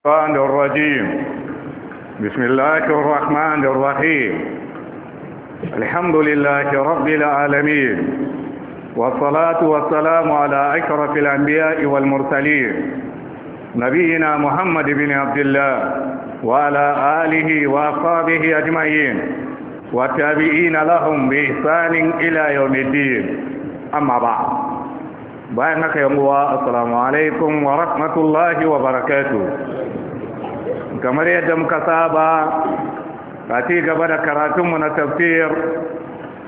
الشيطان الرجيم بسم الله الرحمن الرحيم الحمد لله رب العالمين والصلاة والسلام على أشرف الأنبياء والمرسلين نبينا محمد بن عبد الله وعلى آله وأصحابه أجمعين والتابعين لهم بإحسان إلى يوم الدين أما بعد بأنك يا السلام عليكم ورحمة الله وبركاته kamar yadda muka saba a ci gaba da karatunmu na tafsir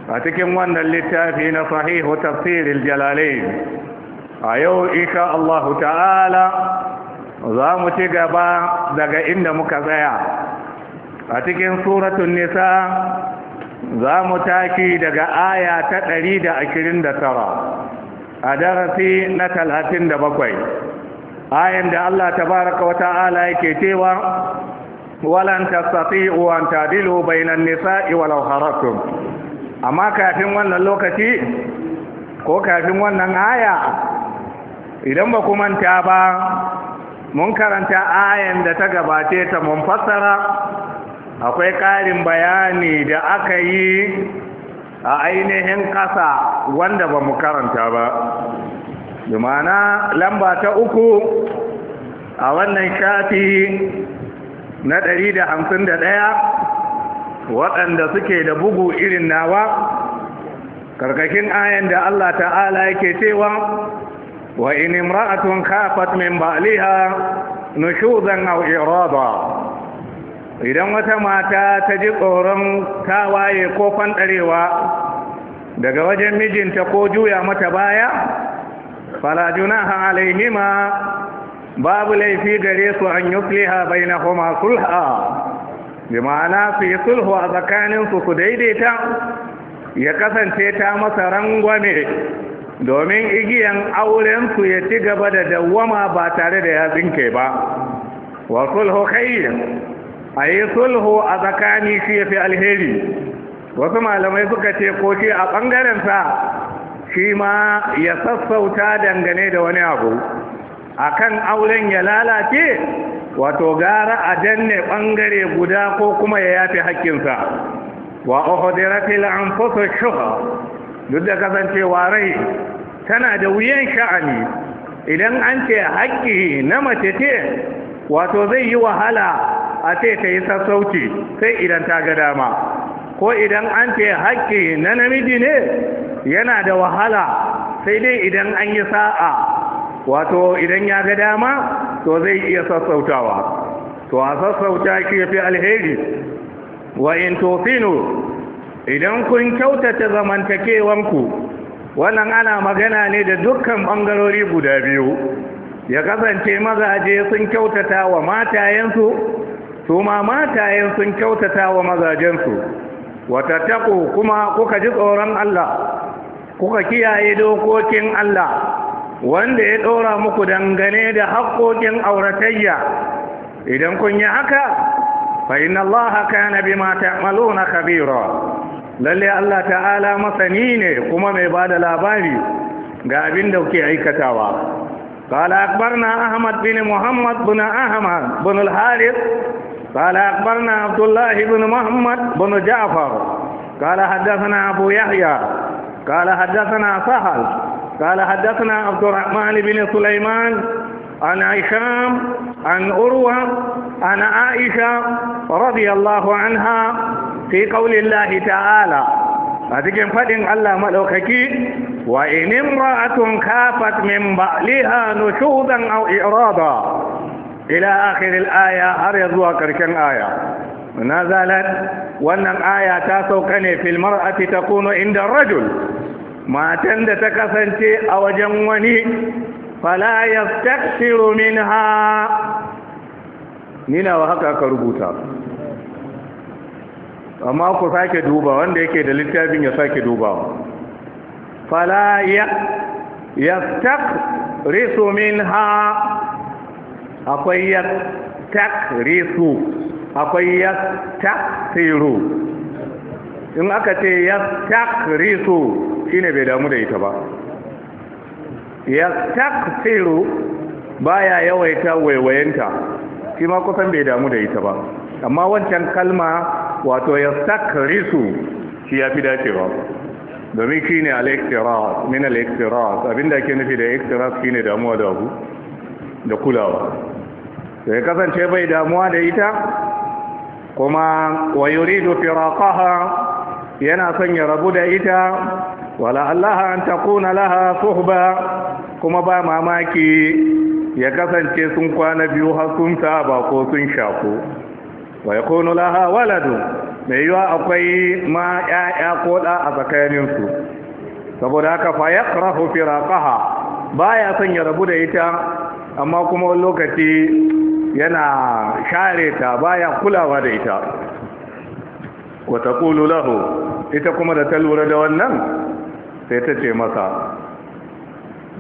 a cikin wannan littafi na sahihu tafsirin jalalain a yau insha Allah ta'ala za mu ci gaba daga inda muka tsaya a cikin suratun nisa za mu taki daga aya ta 129 a darasi na 37 ayan da Allah ta tabaraka wa ta'ala yake cewa walan tastati'u an tadilu bainan nisa'i walau haratum amma kafin wannan lokaci ko kafin wannan aya idan ba ku manta ba mun karanta ayan da ta gabace ta mun fassara akwai ƙarin bayani da aka yi a ainihin ƙasa wanda ba mu karanta ba bi lamba ta uku a wannan shafi na ɗari da hamsin da ɗaya waɗanda suke da bugu irin nawa karkakin ayan da Allah ta'ala yake cewa wa in imra'atun kafat min ba'liha nushuzan aw irada idan wata mata ta ji tsoron tawaye ko fanɗarewa daga wajen mijinta ko juya mata baya fala junaha alaihima babu laifi gare su an yufliha bainahuma sulha bi ma'ana su yi sulhu a tsakanin su ku daidaita ya kasance ta masa rangwame domin igiyan auren su ya ci gaba da dawwama ba tare da ya tsinke ba wa sulhu khayr yi sulhu a tsakani shi ya fi alheri wasu malamai suka ce ko shi a ɓangarensa. shi ma ya sassauta dangane da wani abu a kan auren ya lalace wato gara a danne bangare guda ko kuma ya yafi hakkinsa wa an anfusu shuha duk da kasancewa rai tana da wuyan sha'ani idan an ce haƙƙi na mace ce wato zai yi wahala a ce ta yi sassauci sai idan ta ga dama ko idan an ce haƙƙi na namiji ne yana da wahala sai dai idan an yi sa'a wato idan ya ga dama to zai iya sassautawa to a sassauta ki fi alheri wa in tofino idan kun kyautata zamantakewanku wannan ana magana ne da dukkan bangarori guda biyu ya kasance mazaje sun kyautata wa matayensu su ma matayen sun kyautata wa mazajensu watattaku kuma kuka ji tsoron Allah kuka kiyaye dokokin Allah wanda ya ɗora muku dangane da haƙƙoƙin auratayya idan kun yi haka fa inna Allah kana bima ta'maluna khabira lalle Allah ta'ala masani ne kuma mai bada labari ga abin da kuke aikatawa قال Ahmad أحمد بن محمد بن أحمد بن الحارث قال أخبرنا عبد الله بن محمد بن جعفر قال حدثنا أبو يحيى قال حدثنا سهل قال حدثنا عبد الرحمن بن سليمان عن هشام عن أروى عن عائشة رضي الله عنها في قول الله تعالى أتجن فدن الله ملوكك وإن امرأة خافت من بعلها نشوذا أو إعراضا ila akhiril aya har ya zuwa karshen aya nazalat wannan aya ta sauka ne fil mar'ati takunu inda rajul matan da ta kasance a wajen wani fala yastaksiru minha nina wa haka ka rubuta amma ku sake duba wanda yake da littafin ya sake duba. fala ya yastaksiru minha akwai ya risu akwai ya taksiru in aka ce ya shi shine bai damu da ita ba ya ba baya yawaita waiwayenta shi ma kusan bai damu da ita ba amma wancan kalma wato ya risu shi ya fi dacewa domin shi ne alexiras min alexiras abinda ke nufi da alexiras shi ne damuwa da abu da kulawa to ya kasance bai damuwa da ita kuma wa yuridu firaqaha yana son ya rabu da ita wala Allah an takuna laha suhba kuma ba mamaki ya kasance sun kwana biyu har sun saba ko sun shaku wa yakunu laha waladu mai yiwa akwai ma ƴaƴa ko da a tsakaninsu. saboda haka fa yakrahu firaqaha baya son ya rabu da ita amma kuma wani lokaci yana share ta baya kulawa da ita wata kulu lahu ita kuma da ta lura da wannan sai ta ce masa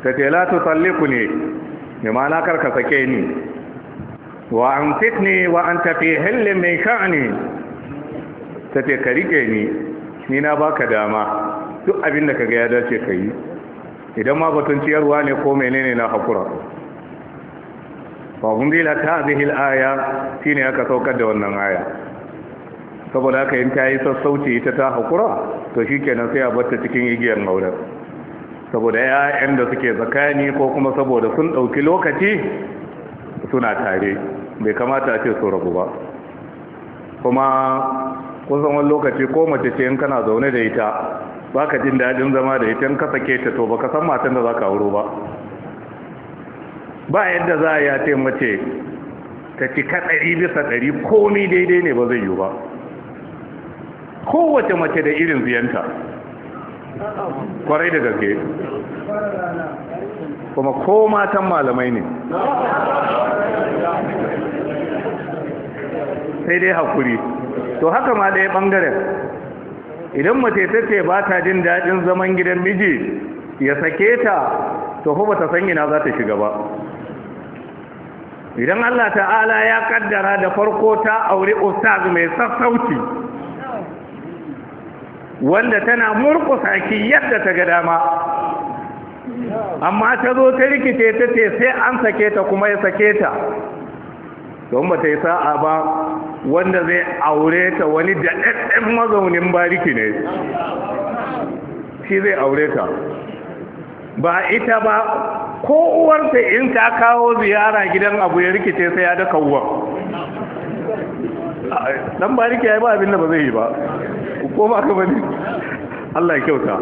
ta ce latu tsalliku ne nemana karka sake ni wa an fitni wa an tafi hillin mai sha'ani ta ce ka rike ni ni na baka dama duk abin da ka ga ya dace ka yi idan ma batun ciyarwa ne ko menene na hakura wa ta ta zihil aya shine aka saukar da wannan aya saboda aka in ta yi sassauci ita ta haƙura, to shi kenan sai a bata cikin igiyar maura saboda ya'yan da suke tsakani ko kuma saboda sun ɗauki lokaci suna tare bai kamata a ce su rabu ba kuma kusan wani lokaci ko mace ce in kana zaune da ita ba ka jin daɗin zama da ita in ka sake ta to ba ka san matan da za ka wuro ba ba yadda za a ya taimace mace ta cika ɗari bisa ɗari komi daidai ne ba zai yi ba kowace mace da irin ziyanta kwarai da gaske kuma ko matan malamai ne sai dai haƙuri. to haka ma ɗaya ɓangaren idan mace ta ce ba ta jin daɗin zaman gidan miji ya sake ta to ba ta san ina za ta shiga ba idan Allah ta'ala ya kaddara da farko ta aure ustaz mai sassauci wanda tana murku ki yadda ta ga dama amma ta zo ta rikice ta ce sai an sake ta kuma ya sake ta don ba ta yi sa'a ba wanda zai aure ta wani da ɗanɗan mazaunin bariki ne shi zai aure ta ba ita ba ko uwarta in ta kawo ziyara gidan abu ya rikice sai ya da uwar dan ba rike ya ba abin da ba zai yi ba ko ba ka bane Allah ya kyauta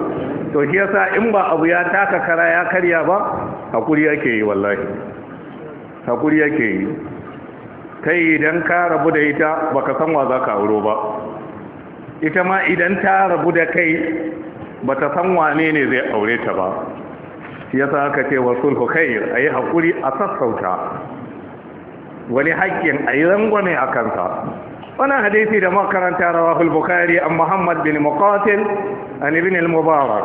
to shi yasa in ba abu ya taka kara ya karya ba hakuri yake yi wallahi hakuri yake yi kai idan ka rabu da ita baka san wa zaka auro ba ita ma idan ta rabu da kai bata san wane ne zai aure ta ba shi aka ce wa sulhu khair ayi hakuri a sassauta wani haƙƙin ayi rangwame a kansa Wani hadisi da makaranta rawahul bukhari an muhammad bin mukatil an ibn al-mubarak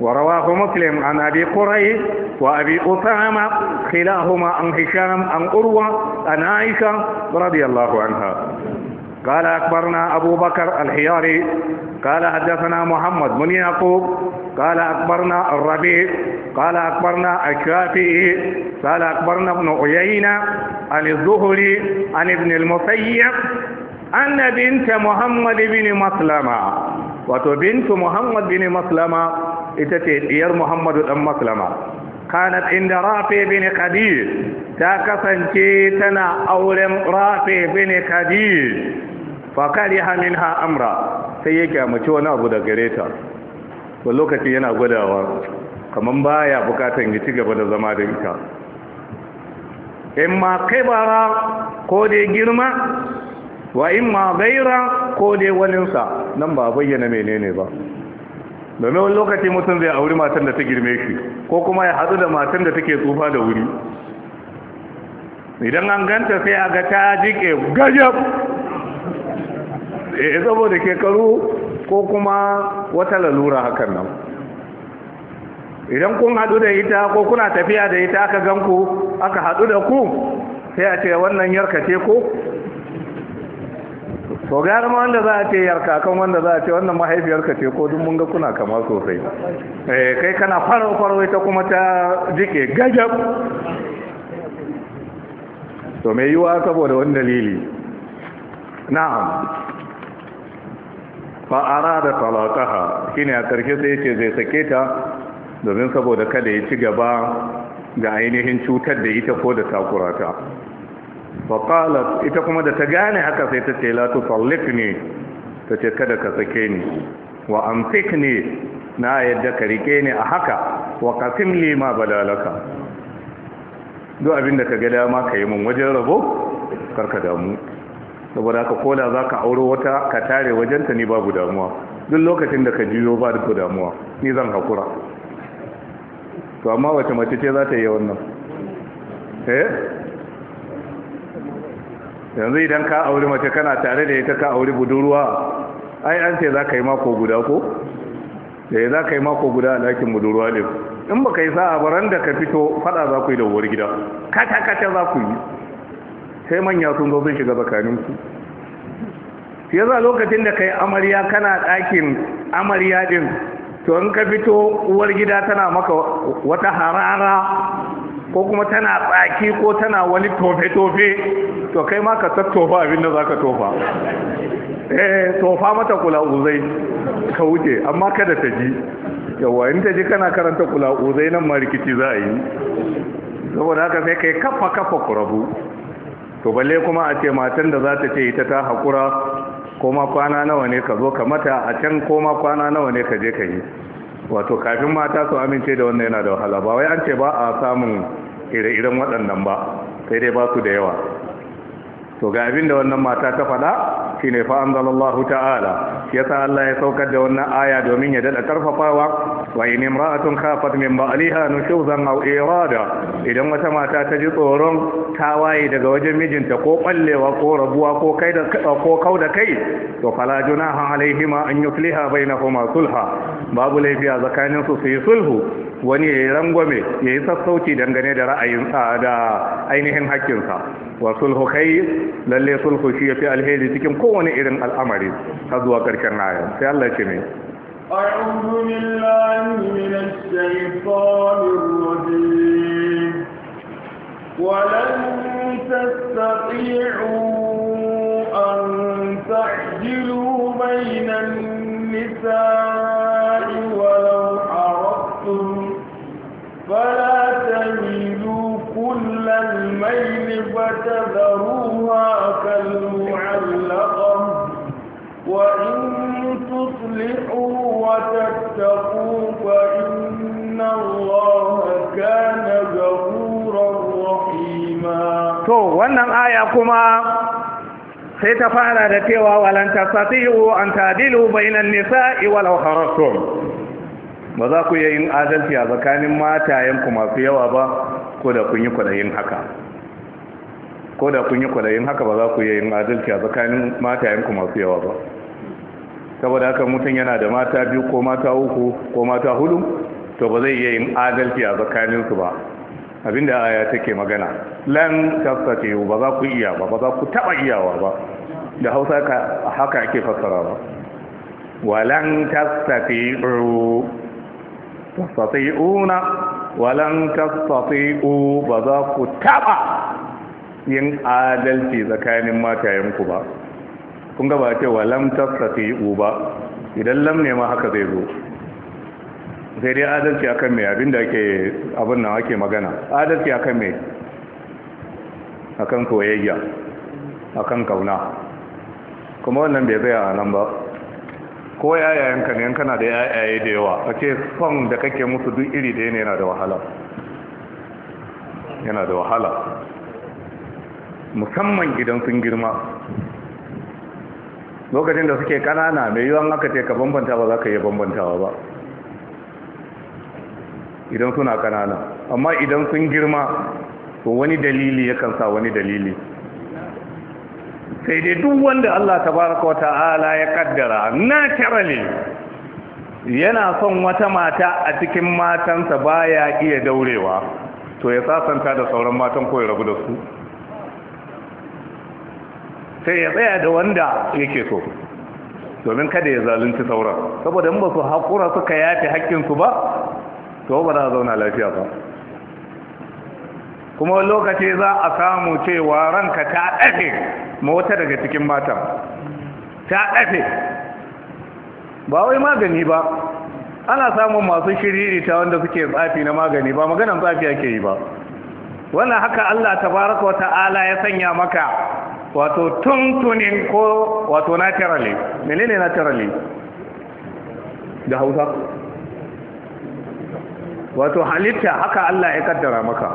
ورواه مسلم عن أبي قريب wa abi usama عن an hisham أروى عن عائشة رضي الله عنها قال أكبرنا أبو بكر الحياري قال حدثنا محمد بن يعقوب قال أكبرنا الربيع قال أكبرنا الشافعي قال أكبرنا ابن عيينة عن الزهري عن ابن المسيب أن بنت محمد بن مسلمة وتبنت محمد بن مسلمة إتتير محمد بن مسلمة كانت عند رافي بن خديج تاكسن تنا أولم رافي بن خديج fa kariha ha amra sai ya kyamaci wani abu da gare ta to lokaci yana gwadawa kamar baya bukatan ya ci gaba da zama da ita imma kibara ko dai girma wa imma gaira ko dai waninsa nan ba bayyana menene ba domin wani lokaci mutum zai auri matan da ta girme shi ko kuma ya hadu da matan da take tsufa da wuri idan an ganta sai a ga ta jike gajab eh saboda kekaru ko kuma wata lalura hakan nan idan kun hadu da ita ko kuna tafiya da ita aka ganku aka haɗu da ku sai a ce wannan yarka ce ko to gari ma wanda za a ce yarka kan wanda za a ce wannan mahaifiyarka ce ko duk mun ga kuna kama sosai eh kai kana faro faro ita kuma ta jike gajab to mai yiwa saboda wani dalili na'am Fa'ara da shi shine a karshe sai ce zai sake ta domin saboda kada ya ci gaba ga ainihin cutar da ita ko da takurata fa ita kuma da ta gane haka sai ta ce latu la ne ta ce kada ka sake ni wa ne na yadda ka rike ni a haka wa qasim li ma badalaka duk abin da ka ga dama ka yi mun wajen rabo karka damu saboda ka koda za ka auro wata ka tare wajenta ni babu damuwa duk lokacin da ka jiyo ba da damuwa ni zan hakura to amma wace mace ce za ta yi wannan eh yanzu idan ka auri mace kana tare da ita ka auri budurwa ai an ce za ka yi mako guda ko da eh, za ka yi mako guda a ɗakin budurwa ne in ba ka yi sa'a baran da ka fito fada za ku yi da uwar gida kata kata za ku yi sai manya sun zo sun shiga tsakaninsu? ya za lokacin da kai amarya kana ɗakin amarya ɗin to in ka fito uwar gida tana maka wata harara ko kuma tana tsaki ko tana wani tofe-tofe to kai ma ka tattofa abin da za ka tofa eh tofa mata kula uzai ka wuce amma kada ta ji yawa in ta ji kana karanta kula uzai nan ma rikici za a yi saboda haka sai kai kafa kafa kurabu to balle kuma a ce matan da za ta ce ita ta haƙura koma kwana nawa ne ka zo ka mata a can koma kwana nawa ne ka je ka yi wato kafin mata su amince da wannan yana da wahala ba wai an ce ba a samun ire-iren waɗannan ba sai dai ba su da yawa to ga abin da wannan mata ta faɗa shine fa anzalallahu ta'ala yasa Allah ya saukar da wannan aya domin ya dada karfafawa wa in imra'atun khafat min ba'liha nushuzan aw irada idan wata mata ta ji tsoron tawaye daga wajen mijinta ko ɓallewa ko rabuwa ko kai da ko kau da kai to fala junaha alaihima bai na bainahuma sulha babu laifi a tsakanin su yi sulhu wani yayi rangwame yayi sassauci dangane da ra'ayin sa da ainihin hakkinsa wa sulhu kai Lallai sulhu shi yafi alheri cikin kowane irin al'amari har zuwa karshen ayar sai Allah ya ce أعوذ بالله من الشيطان الرجيم ولن تستطيعوا أن بين النساء ولو فلا تميلوا كل الميل وإن تصلحوا وتتقوا فإن الله كان غفورا رحيما تو wannan aya kuma sai ta fara da cewa walan tasatihu an tadilu bainan nisa'i walau haratum ba za ku yi yin adalci a tsakanin matayenku masu yawa ba ko da kun yi kwadayin haka ko da kun yi kwadayin haka ba za ku yi yin adalci a tsakanin matayenku masu yawa ba saboda haka mutum yana da mata biyu ko mata uku ko mata hudu to ba zai iya yin adalci a tsakaninsu ba abinda aya take magana lan tafsati ba za ku iya ba ba za ku taba iyawa ba da Hausa ka haka ake fassara ba walan lan tastati'una walan tastati'u ba za ku taba yin adalci tsakanin matayenku ba kun gaba wa lam tastati'u uba? idan lam ne ma haka zai zo sai dai adalci akan me abinda ake abin nan ake magana adalci akan me akan soyayya akan kauna kuma wannan bai zai a nan ba ko ka ne kana da yayaye da yawa a ce son da kake musu duk iri da yana da wahala yana da wahala musamman idan sun girma lokacin da suke kanana mai yiwuwan aka ce ka bambanta ba za ka iya bambantawa ba idan suna kanana amma idan sun girma to wani dalili yakan sa wani dalili sai dai duk wanda Allah tabaraka wa ta'ala ya kaddara naturally yana son wata mata a cikin matansa baya iya daurewa to ya sasanta da sauran matan ko ya rabu da su sai ya tsaya da wanda yake so domin kada ya zalunci sauran saboda in ba su haƙura suka yafe haƙƙinsu ba to ba za a zauna lafiya ba kuma lokaci za a samu cewa ranka ta ɗafe mota daga cikin matan ta ɗafe ba wai magani ba ana samun masu shiriri ta wanda suke tsafi na magani ba maganan tsafi ake yi ba wannan haka Allah Ta baraka wa ta'ala ya sanya maka wato tuntunin ko wato naturally menene naturally da hausa wato halitta haka Allah ya kaddara maka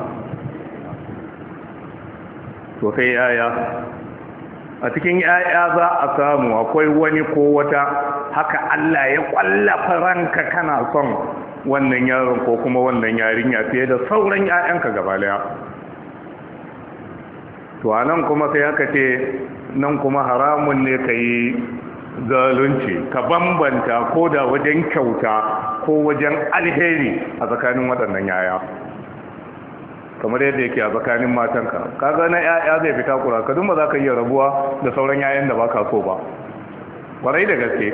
to sai yaya a cikin yaya za a samu akwai wani ko wata haka Allah ya kwallafa ranka kana son wannan yaron ko kuma wannan yarinya fiye da sauran yayanka gaba daya to a nan kuma sai aka ce nan kuma haramun ne ka yi zalunci ka bambanta ko da wajen kyauta ko wajen alheri a tsakanin waɗannan yaya kamar yadda yake a tsakanin matanka kaga na yaya zai fita kura ka duma za ka iya rabuwa da sauran yayan da baka so ba kwarai da gaske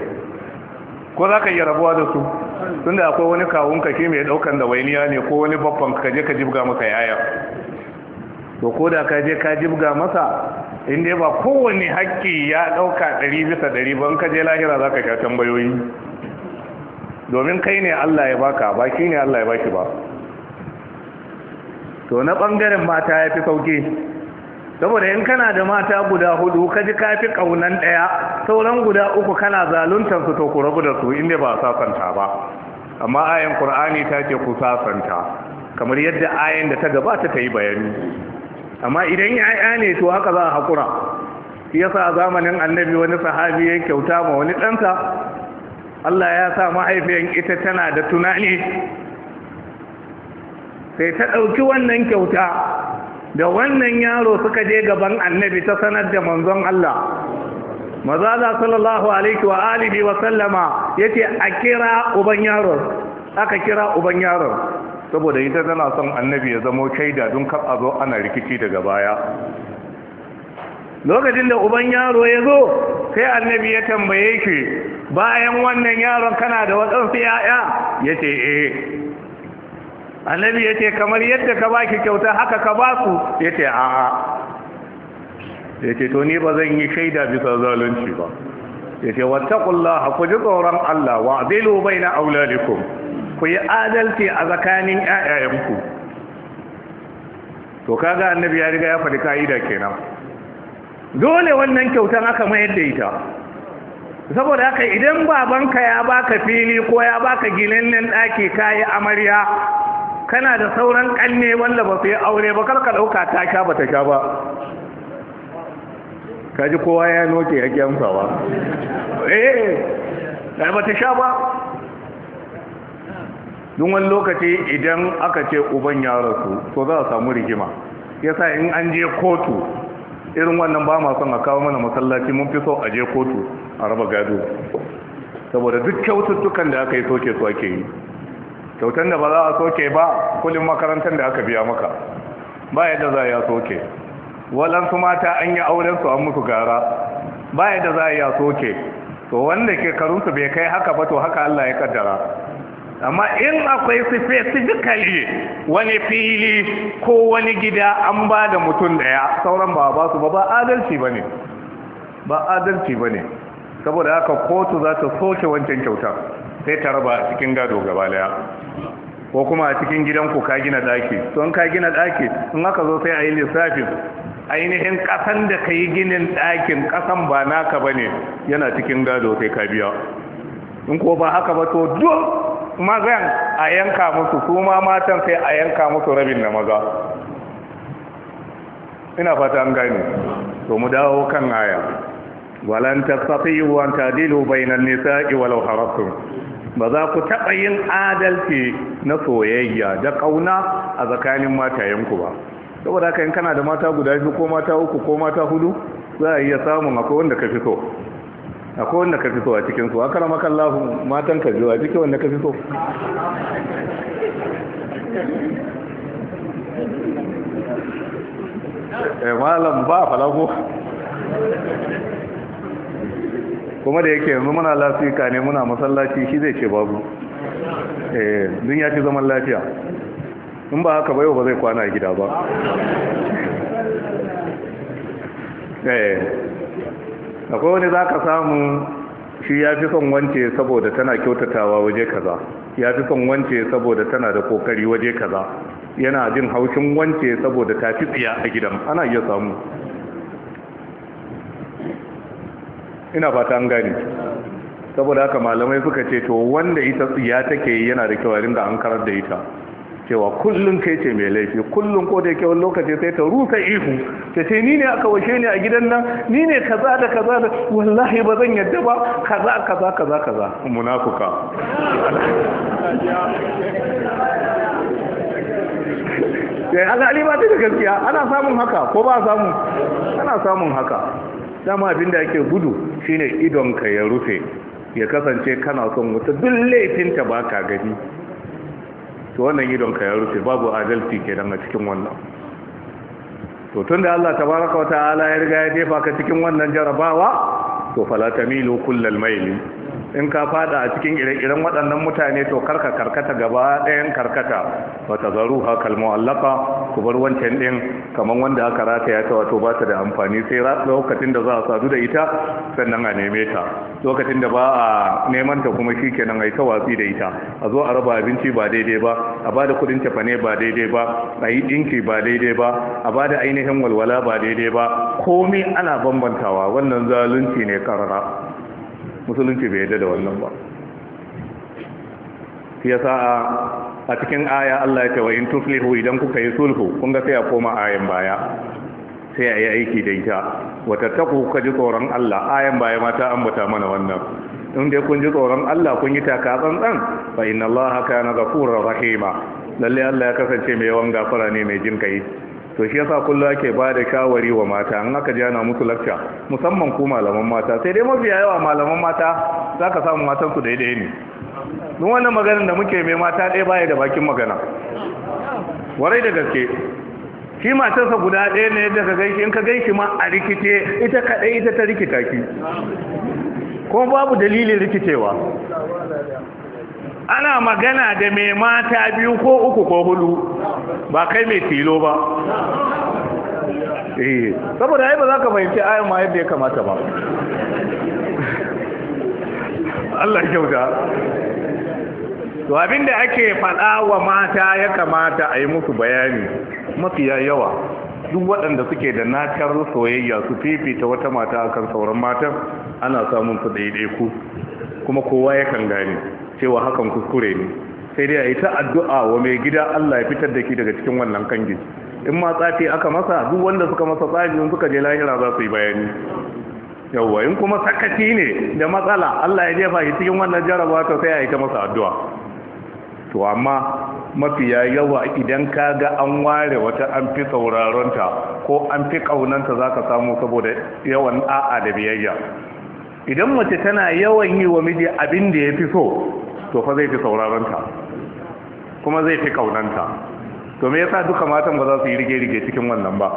ko za ka iya rabuwa da su tunda akwai wani kawunka shi mai daukan da wainiya ne ko wani babban ka je ka jibga maka yaya to ko da ka je ka jibga masa in dai ba kowane haƙƙi ya ɗauka ɗari bisa ɗari ban ka je lahira za ka sha tambayoyi domin kai ne Allah ya baka ba shi ne Allah ya baki ba to na ɓangaren mata ya fi sauƙi saboda in kana da mata guda hudu ka ji ka fi ƙaunan ɗaya sauran guda uku kana zaluntar su to ku rabu da su inda ba sasanta ba amma ayan Kur'ani ta ce ku sasanta kamar yadda ayan da ta gabata ta yi bayani amma idan ya ya'ya ne to haka za a haƙura yasa a zamanin annabi wani sahabi ya kyauta ma wani ɗansa Allah ya sa mahaifiyan ita tana da tunani sai ta ɗauki wannan kyauta da wannan yaro suka je gaban annabi ta sanar da manzon Allah mazala sallallahu alaihi wa alihi wa sallama yace a kira uban yaron aka kira uban yaron saboda ita tana son annabi ya zamo shaida don kar a zo ana rikici daga baya lokacin da uban yaro ya zo sai annabi ya tambaye shi bayan wannan yaron kana da waɗansu ya'ya ya ce eh annabi ya ce kamar yadda ka baki kyauta haka ka ba su ya ce a'a ya ce to ni ba zan yi shaida bisa zalunci ba ya ce wata ku ji tsoron Allah wa zai lobai na aulalikum ku yi adalci a tsakanin ƴaƴayenku to kaga annabi ya riga ya faɗi ka'ida kenan dole wannan kyautan aka mayar da ita saboda haka idan babanka ya baka fili ko ya baka gilin ɗaki kayi amarya kana da sauran kanne wanda ba sai aure ba karka ɗauka ta sha ba ta sha ba kaji kowa ya noke ya kyamsa ba eh ba ta sha ba duk wani lokaci idan aka ce uban ya rasu to za a samu rigima yasa in an je kotu irin wannan ba ma son a kawo mana masallaci mun fi so a je kotu a raba gado saboda duk kyaututtukan da aka yi soke su ake yi kyautan da ba za a soke ba kulin makarantar da aka biya maka ba yadda za a yi soke waɗansu mata an yi auren su an musu gara ba yadda za a yi soke to wanda ke karunsu bai kai haka ba to haka Allah ya kaddara amma in akwai specifically wani fili ko wani gida an ba da mutum daya sauran ba ba su ba ba adalci ba ne ba adalci ba ne saboda haka kotu za ta soke wancan kyauta sai ta raba a cikin gado gaba daya ko kuma a cikin gidanku ka gina daki don ka gina daki in aka zo sai a yi lissafin ainihin kasan da ka yi ginin dakin kasan ba naka ba ne yana cikin gado sai ka biya in ko ba haka ba to duk mazan a yanka musu su matan sai a yanka musu rabin na maza ina fata an gane to mu dawo kan aya walan tastati'u wa tadilu bainan nisa'i walau harastum ba za ku taɓa yin adalci na soyayya da ƙauna a tsakanin matayenku ba saboda haka in kana da mata guda biyu ko mata uku ko mata hudu za a iya samun akwai wanda ka fi so akwai wanda ka fi so a cikin su aka kan lafi matan ka zuwa, a cikin wanda ka fi so eh malam ba falago kuma da yake yanzu muna lafika ne muna masallaci shi zai ce babu eh dun ya ci zaman lafiya in ba haka ba yau ba zai kwana gida ba eh akwai wani za ka samu shi ya fi son wance saboda tana kyautatawa waje kaza ya fi son wance saboda tana da kokari waje kaza yana jin haushin wance saboda ta fi tsiya a gidan ana iya samu ina fata an gane saboda haka malamai suka ce to wanda ita tsiya take yana da kyau da an karar da ita cewa kullum kai ce mai laifi kullum ko da yake wani lokaci sai ta rusa ihu ta ce ni ne aka washe ni a gidan nan ni ne kaza da kaza da wallahi ba zan yadda ba kaza kaza kaza kaza munafuka ya eh, ali ba da gaskiya ana samun haka ko ba samu ana samun haka dama abin da ake gudu shine idonka ya rufe ya kasance kana son wuta duk laifinta ba ka gani to wannan idon ka ya rufe babu adalci dan a cikin wannan to tunda Allah tabaraka wa ta'ala ya riga ya jefa ka cikin wannan jarabawa to fala kullal maili in ka fada a cikin ire-iren waɗannan mutane to karka karkata gaba ɗayan karkata wata zaru hakal mu'allaka ku bar wancan ɗin kamar wanda aka rataya ta wato ba ta da amfani sai lokacin da za a sadu da ita sannan a neme ta lokacin da ba a neman ta kuma shikenan ai ta watsi da ita a zo a raba abinci ba daidai ba a ba da kuɗin tafane ba daidai ba a yi ɗinki ba daidai ba a ba da ainihin walwala ba daidai ba komai ana bambantawa wannan zalunci ne karara musulunci bai yadda da wannan ba ya sa'a a cikin aya Allah ya ce wa in tuflihu idan kuka yi sulhu kun ga sai a koma ayan baya sai a yi aiki da ita wata taku kuka ji tsoron Allah ayan baya ma ta ambata mana wannan in dai kun ji tsoron Allah kun yi taka tsantsan fa inna Allah kana ghafurur rahima lalle Allah ya kasance mai yawan gafara ne mai jin kai to shi yasa kullu ake ba da shawari wa mata an aka ji ana musu lakta musamman ku malaman mata sai dai mafi yawa malaman mata za ka samu matan su daidai ne don wannan maganar da muke mai mata ɗaya baya da bakin magana warai da gaske shi matarsa guda ɗaya ne yadda ka gaishe in ka gaishe ma a rikice ita kaɗai ita ta rikita ki kuma babu dalilin rikicewa ana magana da mai mata biyu ko uku ko hudu ba kai mai tilo ba eh, saboda ai ba za ka fahimci ayan ma yadda ya kamata ba Allah kyauta to abinda ake faɗa wa mata ya kamata a yi musu bayani mafiya yawa duk waɗanda suke da natar soyayya su fifita wata mata akan sauran matan ana samun su daidai kuma kowa yakan gane cewa hakan kuskure ne sai dai a yi ta addu'a wa mai gida Allah ya fitar da ki daga cikin wannan kangi in ma tsafi aka masa duk wanda suka masa tsafi sun suka je lahira za su yi bayani yawwa in kuma sakaci ne da matsala Allah ya jefa shi cikin wannan jarabawa to sai a yi ta masa addu'a to amma mafiya yawa idan ka ga an ware wata an fi sauraronta ko an fi ƙaunanta za ka samu saboda yawan a'a da biyayya idan mace tana yawan yi wa miji abin da ya fi so to fa zai fi sauraron ta kuma zai fi kaunanta to me yasa duka matan ba za su yi rige-rige cikin wannan ba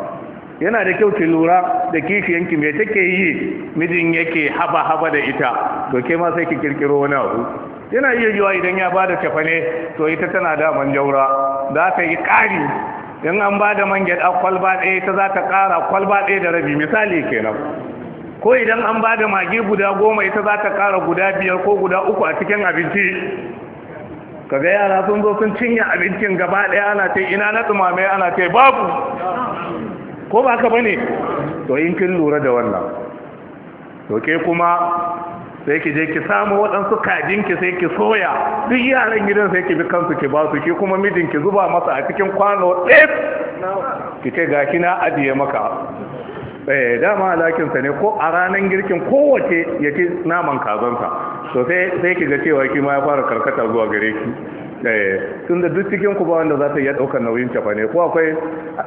yana da kyau ki lura da kishiyanki me take yi mijin yake haba-haba da ita to ke ma sai ki kirkiro wani abu yana iya yiwa idan ya bada kafa ne to ita tana da manjaura za ta yi ƙari in an bada man gyaɗa kwalba ɗaya ta za ta ƙara kwalba ɗaya da rabi misali kenan ko idan an ba da mage guda goma ita za ta ƙara guda biyar ko guda uku a cikin abinci Ka ga yara sun zo sun cinye abincin gaba ɗaya ana ce ina na tsumamai ana ce babu ko ba ka bane to yin kin lura da wannan to ke kuma sai ki je ki samu waɗansu kajinki sai ki soya duk yaran gidan sai ki bi kansu ki ba su ki kuma ki zuba masa a cikin kwano ɗaya ki ce ga kina ajiye maka eh dama sa ne ko a ranan girkin kowace yake naman naman sa to sai ki ga cewa ki ma ya fara karkata zuwa gare ki eh, tun da duk cikin ku ba wanda za ta iya daukar nauyin tafa ne ko akwai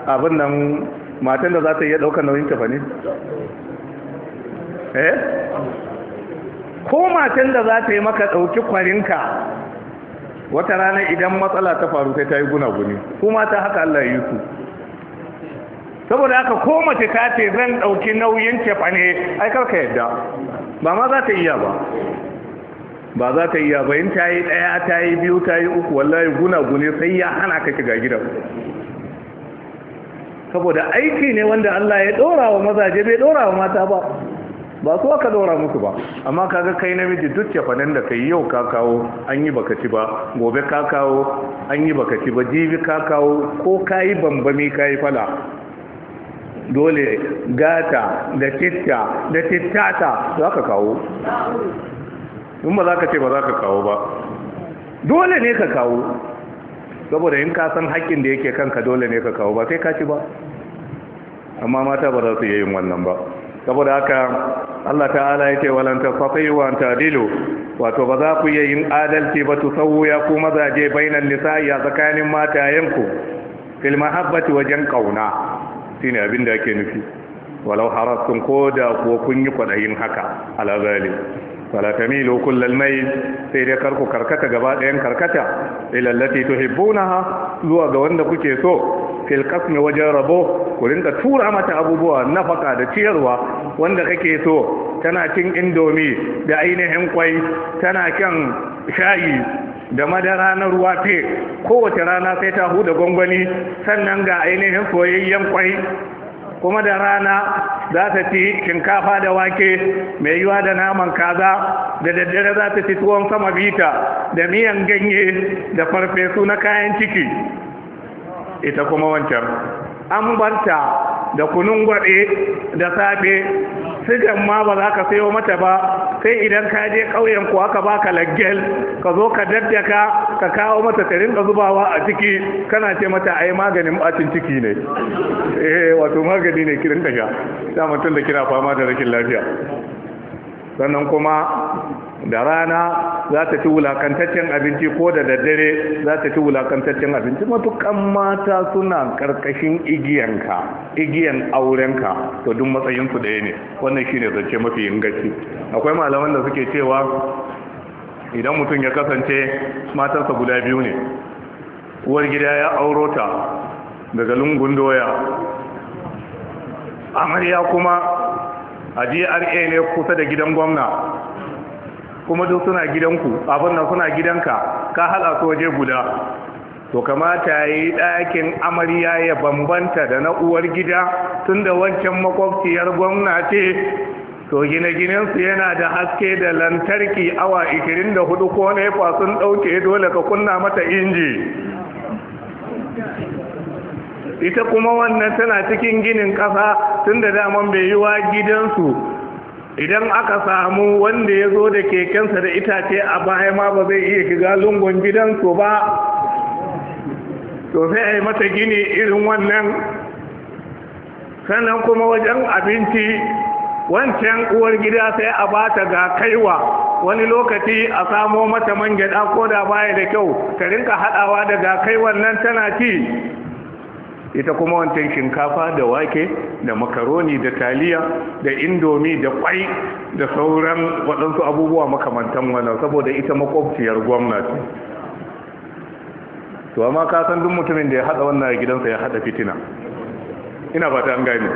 abin nan matan da za ta iya daukar nauyin tafa ne eh ko matan da za ta yi maka ɗauki kwarinka wata rana idan matsala ta faru sai ta yi guna guni kuma ta haka Allah ya yi su saboda haka ko mace ta ce zan ɗauki nauyin cefane ai karka yadda ba ma za ta iya ba ba za ta iya ba in ta yi ɗaya ta yi biyu ta yi uku wallahi guna-gune sai ya hana ka shiga gidan saboda aiki ne wanda Allah ya ɗora wa mazaje bai ɗora wa mata ba ba su aka ɗora musu ba amma kaga kai namiji duk cefanen da kai yau ka kawo an yi baka ci ba gobe ka kawo an yi baka ci ba jibi ka kawo ko ka yi bambami ka yi fala dole gata da titta da tittata za ka kawo in ba za ka ce ba za ka kawo ba dole ne ka kawo saboda in ka san haƙƙin da yake kanka dole ne ka kawo ba sai ka ci ba amma mata ba za su yi yin wannan ba saboda haka Allah ta'ala ya ce walanta fafai wa tadilu wato ba za ku iya yin adalci ba tu ya ku mazaje bainan nisa'i a tsakanin matayenku fil mahabbati wajen kauna ne abin da ake nufi walau harastun ko da kuwa kun yi kwaɗayin haka alazali wala tamilu lalmai sai dai karku karkata gaba ɗayan karkata ila allati ha zuwa ga wanda kuke so fil qasmi wajen rabo ku rinka tura mata abubuwa nafaka da ciyarwa wanda kake so tana cin indomi da ainihin kwai tana kyan shayi da madara na ruwa fe kowace rana sai ta huda gwangwani sannan ga ainihin soyayyen kwai kuma da rana za ta ci shinkafa da wake mai yiwa da naman kaza da daddare za ta ci tuwon sama bita da miyan ganye da farfesu na kayan ciki ita kuma wancan an banta da kunun gwaɗe da safe sigan ma ba za ka sayo mata ba sai idan ka je ƙauyen ku aka ka laggel ka zo ka daddaka ka kawo mata ta rinka zubawa a ciki kana ce mata ai maganin bacin ciki ne eh wato magani ne kirin ka sha mutum da kira fama da rashin lafiya sannan kuma da rana za ta ci wulakantaccen abinci ko da daddare za ta ci wulakantaccen abinci matukan mata suna karkashin igiyanka igiyan aurenka to duk matsayinsu ɗaya ne wannan shine zance mafi ingaci akwai malaman da suke cewa idan mutum ya kasance matarsa guda biyu ne uwar gida ya auro ta daga lungun doya amarya kuma a gra ne kusa da gidan gwamna kuma duk suna gidanku abin nan suna gidanka ka hala su waje guda to kamata ya yi ɗakin amarya ya bambanta da na uwar gida tun da wancan makwabciyar gwamna ce to gine-ginensu yana da haske da lantarki awa 24 ko nefa sun ɗauke dole ka kunna mata inji ita kuma wannan tana cikin ginin ƙasa tun da daman bai yi wa gidansu idan aka samu wanda ya zo da kekensa da itace a baya ma ba zai iya shiga lungon su ba to sai a yi mata gini irin wannan sannan kuma wajen abinci wancan uwar gida sai a bata ga kaiwa wani lokaci a samo mata man gyada ko da baya da kyau ka rinka haɗawa ga kaiwan nan tana ci ita kuma wancan shinkafa da wake da makaroni da taliya da indomi da kwai da sauran waɗansu abubuwa makamantan wannan saboda ita makwabciyar gwamnati to amma ka san duk mutumin da ya haɗa wannan gidansa ya haɗa fitina ina fata an gane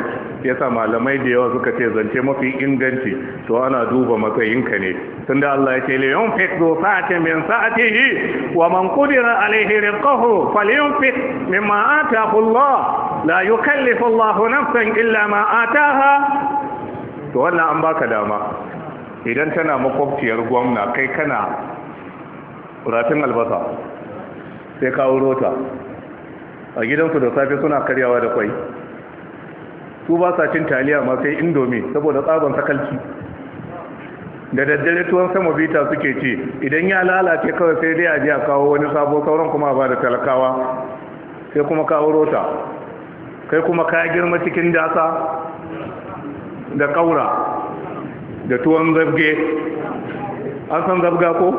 yasa malamai da yawa suka ce zance mafi inganci to ana duba matsayinka ne tunda Allah ya ce li yunfiq du sa'atin min sa'atihi wa man qudira alayhi rizquhu falyunfiq mimma ataahu Allah la yukallifu Allah nafsan illa ma ataaha to wannan an baka dama idan tana makwabciyar gwamna kai kana ratin albasa sai kawo rota a gidansu da safe suna karyawa da kwai su ba sa cin taliya ma sai indomi saboda tsabon sakalci da daddare tuwon sama bita suke ci idan ya lalace kawai sai dai ajiya kawo wani sabo sauran kuma ba da talakawa sai kuma ka rota kai kuma ka girma cikin dasa da kaura da tuwon zabge an san zabga ko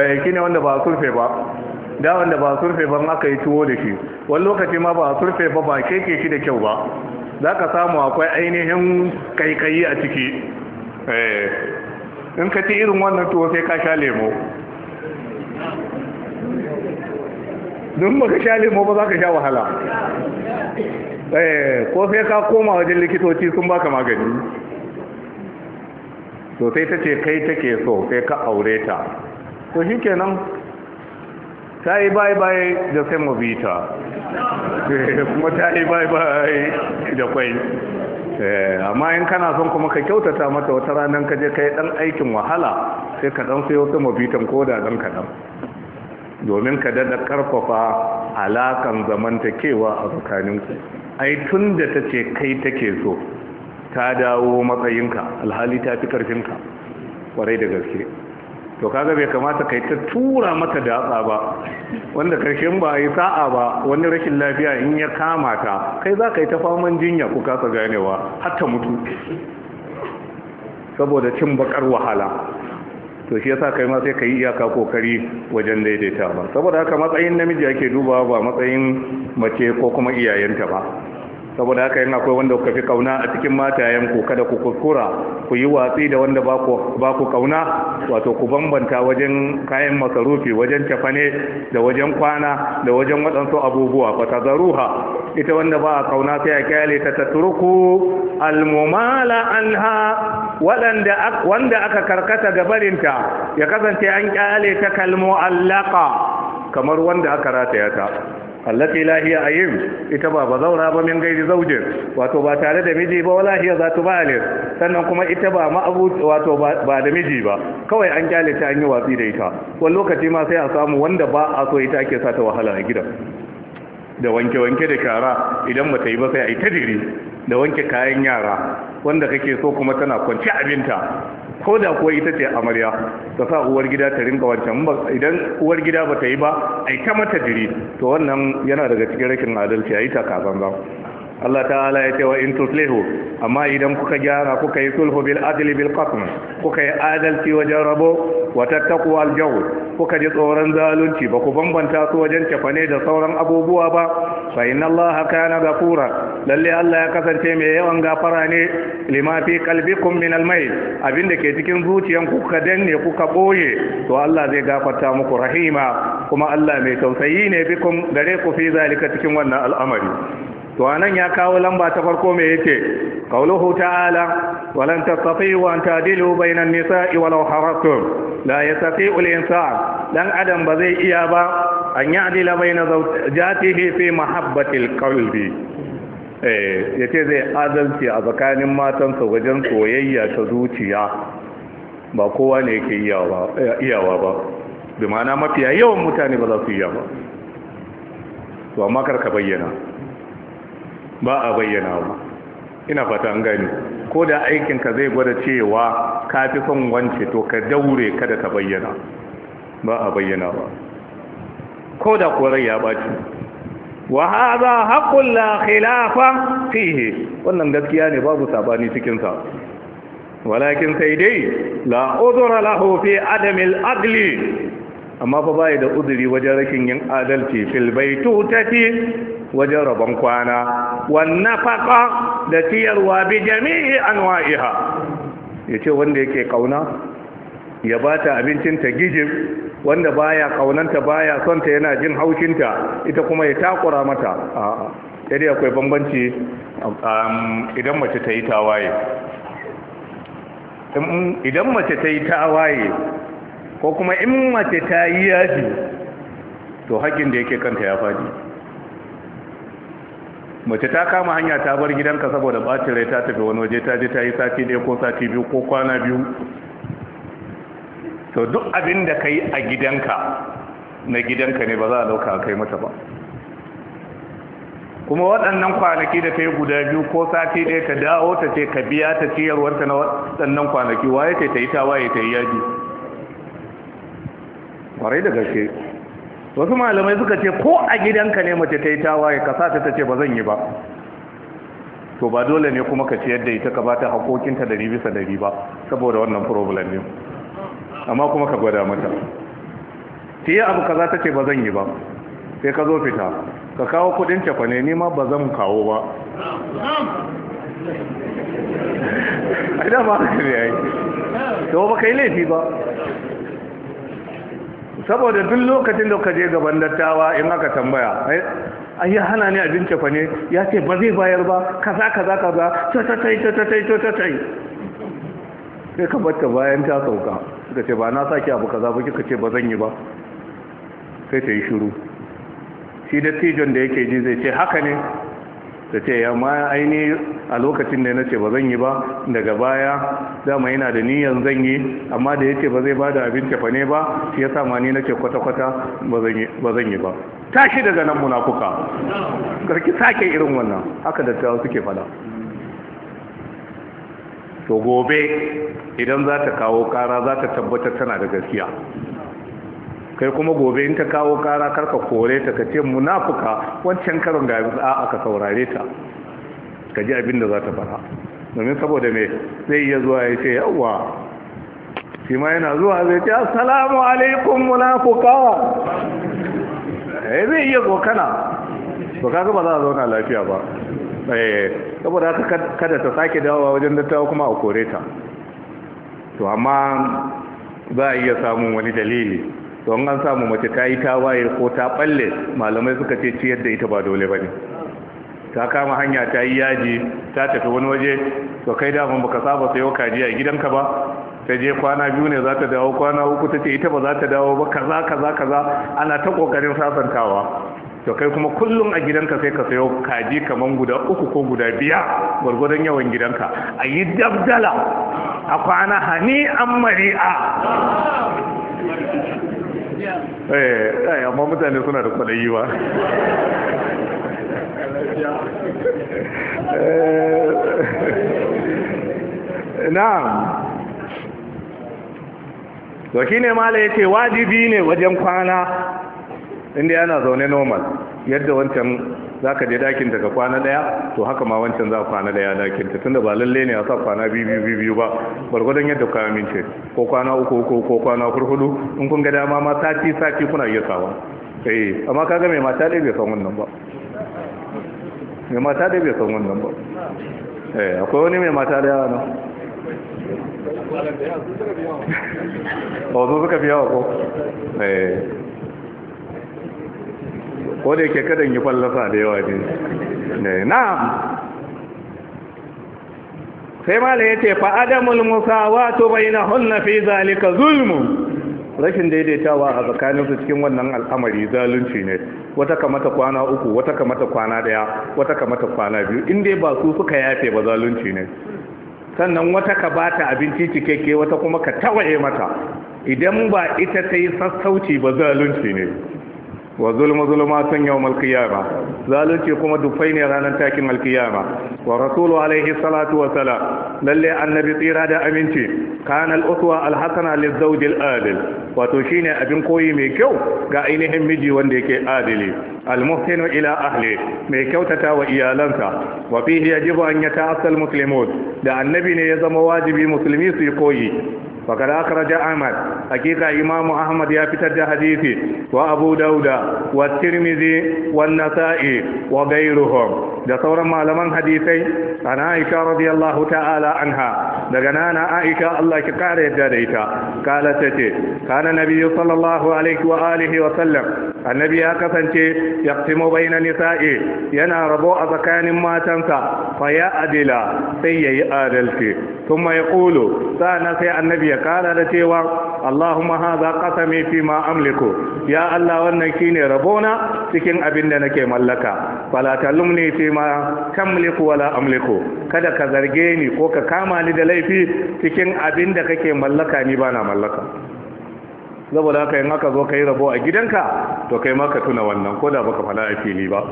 eh ne wanda ba a surfe ba da wanda ba a surfe ba aka yi tuwo da shi wani lokaci ma ba a surfe ba ba keke shi da kyau ba za ka samu akwai ainihin kaikayi a ciki eh, in ka ci irin wannan tuwo sai ka sha lemo don ba ka sha lemo ba za ka sha wahala eh, ko sai ka koma wajen likitoci sun baka magani So sai ta ce kai take so sai ka aure ta to shi kenan ta yi bye-bye da sai mu bita kuma ta yi bye-bye da kwai eh, amma in kana son kuma ka kyautata mata wata ranar ka je kai ɗan aikin wahala sai ka dan sayo ta bitan koda dan kaɗan domin ka dada karfafa alaƙan zamantakewa a tsakaninku ai tun da ta ce kai take so ta dawo matsayinka alhali ta fi ƙarfinka kwarai da gaske to kaga bai kamata kai ta tura mata datsa ba wanda karshen ba yi sa'a ba wani rashin lafiya in ya kama ta kai za ka yi ta faman jinya ku kasa ganewa har ta mutu saboda cin bakar wahala to shi yasa kai ma sai ka yi iyaka kokari wajen daidaita ba saboda haka matsayin namiji ake dubawa ba matsayin mace ko kuma iyayenta ba saboda haka yin akwai wanda kuka fi kauna a cikin matayen ku kada ku kuskura ku yi watsi da wanda ba ku kauna wato ku bambanta wajen kayan masarufi wajen tafane da wajen kwana da wajen waɗansu abubuwa ba ta ita wanda ba a kauna sai a kyale ta ta turku almumala anha waɗanda aka karkata gabarinta ya kasance an kyale ta kalmo allaka kamar wanda aka rataya ta allati lahiya hiya ayyim ita ba bazaura ba min gairi zaujin wato ba tare da miji ba wala hiya zatu ba'alin sannan kuma ita ba ma abu wato ba da miji ba kawai an kyale ta an yi watsi da ita wani lokaci ma sai a samu wanda ba a so ita ake sa ta wahala a gidan da wanke-wanke da shara idan ba ta yi ba sai a yi ta diri da wanke kayan yara wanda kake so kuma tana kwanci abinta ko da kuwa ita ce amarya ta sa uwar gida ta rinka wancan idan uwar gida ba ta yi ba a ta mata jiri to wannan yana daga cikin rashin adalci a yi ta kafan ba Allah ta'ala ya ce wa in tuslihu amma idan kuka gyara kuka yi sulhu bil adli bil qasm kuka yi adalci wajen rabo wa tattaqu al jawl kuka ji tsoron zalunci ba ku bambanta su wajen cafane da sauran abubuwa ba fa inna allaha kana ghafura lalle Allah ya kasance mai yawan gafara ne lima fi qalbikum min al mayl abinda ke cikin zuciyanku kuka danne kuka boye to Allah zai gafarta muku rahima kuma Allah mai tausayi ne bikum gare ku fi zalika cikin wannan al'amari to anan ya kawo lamba ta farko me yake qauluhu ta'ala walan tastati'u an ta'dilu bayna an-nisa'i walau haratum la yastati'u al-insan dan adam ba zai iya ba an ya'dila bayna zawjatihi fi mahabbatil qalbi eh yace zai adalci a tsakanin matansa wajen soyayya ta zuciya ba kowa ne yake iyawa ba bi ma'ana mafiya yawan mutane ba za su iya ba to amma ka bayyana ba a bayyana ba ina fata an gani ko da aikinka zai gwada cewa ka fi son wance to ka daure kada ka bayyana ba a bayyana ba ko da kwarai ya baci wa hadha haqqul la khilafa fihi wannan gaskiya ne babu sabani cikin sa walakin sai dai la udra lahu fi adami al adli amma fa bai da udri wajen rashin yin adalci fil baitutati wajen rabon kwana wannan faƙa da ciyarwa bi jami'i waiha? ya ce wanda yake ƙauna ya ba ta abincinta gijin wanda baya kaunanta baya sonta yana jin haushinta ita kuma ya takura mata a'a dai akwai bambanci um, idan mace ta yi tawaye idan mace ta yi tawaye ko kuma in mace ta yi yaji to haƙin da yake kanta ya faɗi mace ta kama hanya ta bar gidanka saboda bacin rai ta tafi wani waje ta je ta yi sati ɗaya ko sati biyu ko kwana biyu to duk abin da ka yi a gidanka na gidanka ne ba za a dauka a kai mata ba kuma waɗannan kwanaki da ta yi guda biyu ko sati ɗaya ta dawo ta ce ka biya ta ciyarwarta na waɗannan kwanaki waye ta yi ta waye ta yi yaji ƙwarai da gaske wasu malamai suka ce ko a gidanka ne mace ta yi tawaye ka sata ta ce ba zan yi ba to ba dole ne kuma ka ce yadda ita ka bata hakokinta dari bisa dari ba saboda wannan problem ne amma kuma ka gwada mata ta yi abu za ta ce ba zan yi ba sai ka zo fita ka kawo kudin cefa ne ma ba zan kawo ba a ba haka ne ya yi to ba ka yi laifi ba saboda duk lokacin da ka je gaban dattawa in aka tambaya eh, ai ya hana ni abin cefa ne ya ce ba zai bayar ba kaza kaza kaza ta ta ta ta ta ta ta sai ka bata bayan ta sauka Ka ce ba na saki abu kaza ba kika ce ba zan yi ba sai ta yi shiru shi dattijon da yake ji zai ce haka ne ta ce ya ma aini a lokacin da na ce ba zan yi ba daga baya dama yana da niyan zan yi amma da ya ce ba zai ba da abin tafa ne ba shi ya sama ni na kwata-kwata ba zan yi ba tashi daga nan munafuka karki sake irin wannan haka dattawa suke fada to gobe idan za ta kawo kara za ta tabbatar tana da gaskiya kai kuma gobe in ta kawo kara karka kore ta ka ce munafuka wancan karon ga a aka saurare ta ka ji abin da za ta fara domin saboda me zai iya zuwa ya ce yawwa shi ma yana zuwa zai ce assalamu alaikum munafuka eh zai iya kokana? to kaga ba za a zauna lafiya ba eh saboda haka kada ta sake dawowa wajen dattawa kuma a kore ta to amma za a iya samun wani dalili to an samu mace ta yi ta waye ko ta balle malamai suka ce ciyar da ita ba dole ba ne ta kama hanya ta yi yaji ta tafi wani waje to kai mun baka saba sayo kaji a gidanka ba ta je kwana biyu ne za ta dawo kwana uku ta ce ita ba za ta dawo ba kaza kaza kaza ana ta kokarin sasantawa to kai kuma kullum a gidanka sai ka sayo kaji kaman guda uku ko guda biya gwargwadon yawan gidanka a yi dabdala a kwana hani an mari'a eh amma mutane suna da kwadayi ba eh, na'am to shine ya yace wajibi ne wajen kwana inda yana zaune normal yadda wancan za ka je dakin daga kwana daya to haka ma wancan za kwana daya dakin ta tunda ba lalle ne a sa kwana biyu biyu biyu ba gwargwadon yadda ka amince ko kwana uku uku ko kwana hurhudu in kun ga dama ma sati sati kuna iya sawa eh amma kaga mai mata dai bai san wannan ba mai mata dai bai san wannan ba eh akwai wani mai mata da yawa nan ba oh, suka fi yawa ko eh ko da yake kadan yi fallasa da yawa ne eh, na. sai mala yace fa adamul musawatu bainahunna fi zalika zulmun rashin daidaitawa a tsakaninsu cikin wannan al'amari zalunci ne wata kamata kwana uku wata kamata kwana daya wata kamata kwana biyu in ba su suka yafe ba zalunci ne sannan wata ka bata abinci cikakke wata kuma ka tawaye mata idan ba ita ta yi sassauci ba zalunci ne wa sun zulumatun yawmal qiyama zalunci kuma dufai ne ranar takin alkiyama wa rasulu alaihi salatu wa sala. lalle annabi tsira da aminci kana al-uswa al-hasana lizawj wato shine abin koyi mai kyau ga ainihin miji wanda yake adili al-muhsinu ila ahli mai kyautata wa iyalansa wa fihi yajibu an yata'assal muslimun da annabi ne ya zama wajibi musulmi su yi koyi Ahmad. Hakika Imamu Ahmad ya fitar da hadisi. Wa Abu dauda wa tirmidhi wa nasa'i da sauran malaman hadisai ana aisha daga nana aisha Allah ki kare yadda da ita annabi ya kasance yaqtimu baina nisa'i yana rabo a tsakanin matansa fa ya adila sai yayi adalci kuma ya kulu sana sai annabi ya kara da cewa Allahumma hadha qasami fi ma amliku ya Allah wannan shine ne rabona cikin abin da nake mallaka fala talumni fi ma tamliku wala amliku kada ka zarge ni ko ka kama ni da laifi cikin abin da kake mallaka ni bana mallaka saboda haka in aka zo kai rabo a gidanka to kai ma ka tuna wannan ko da baka fada a fili ba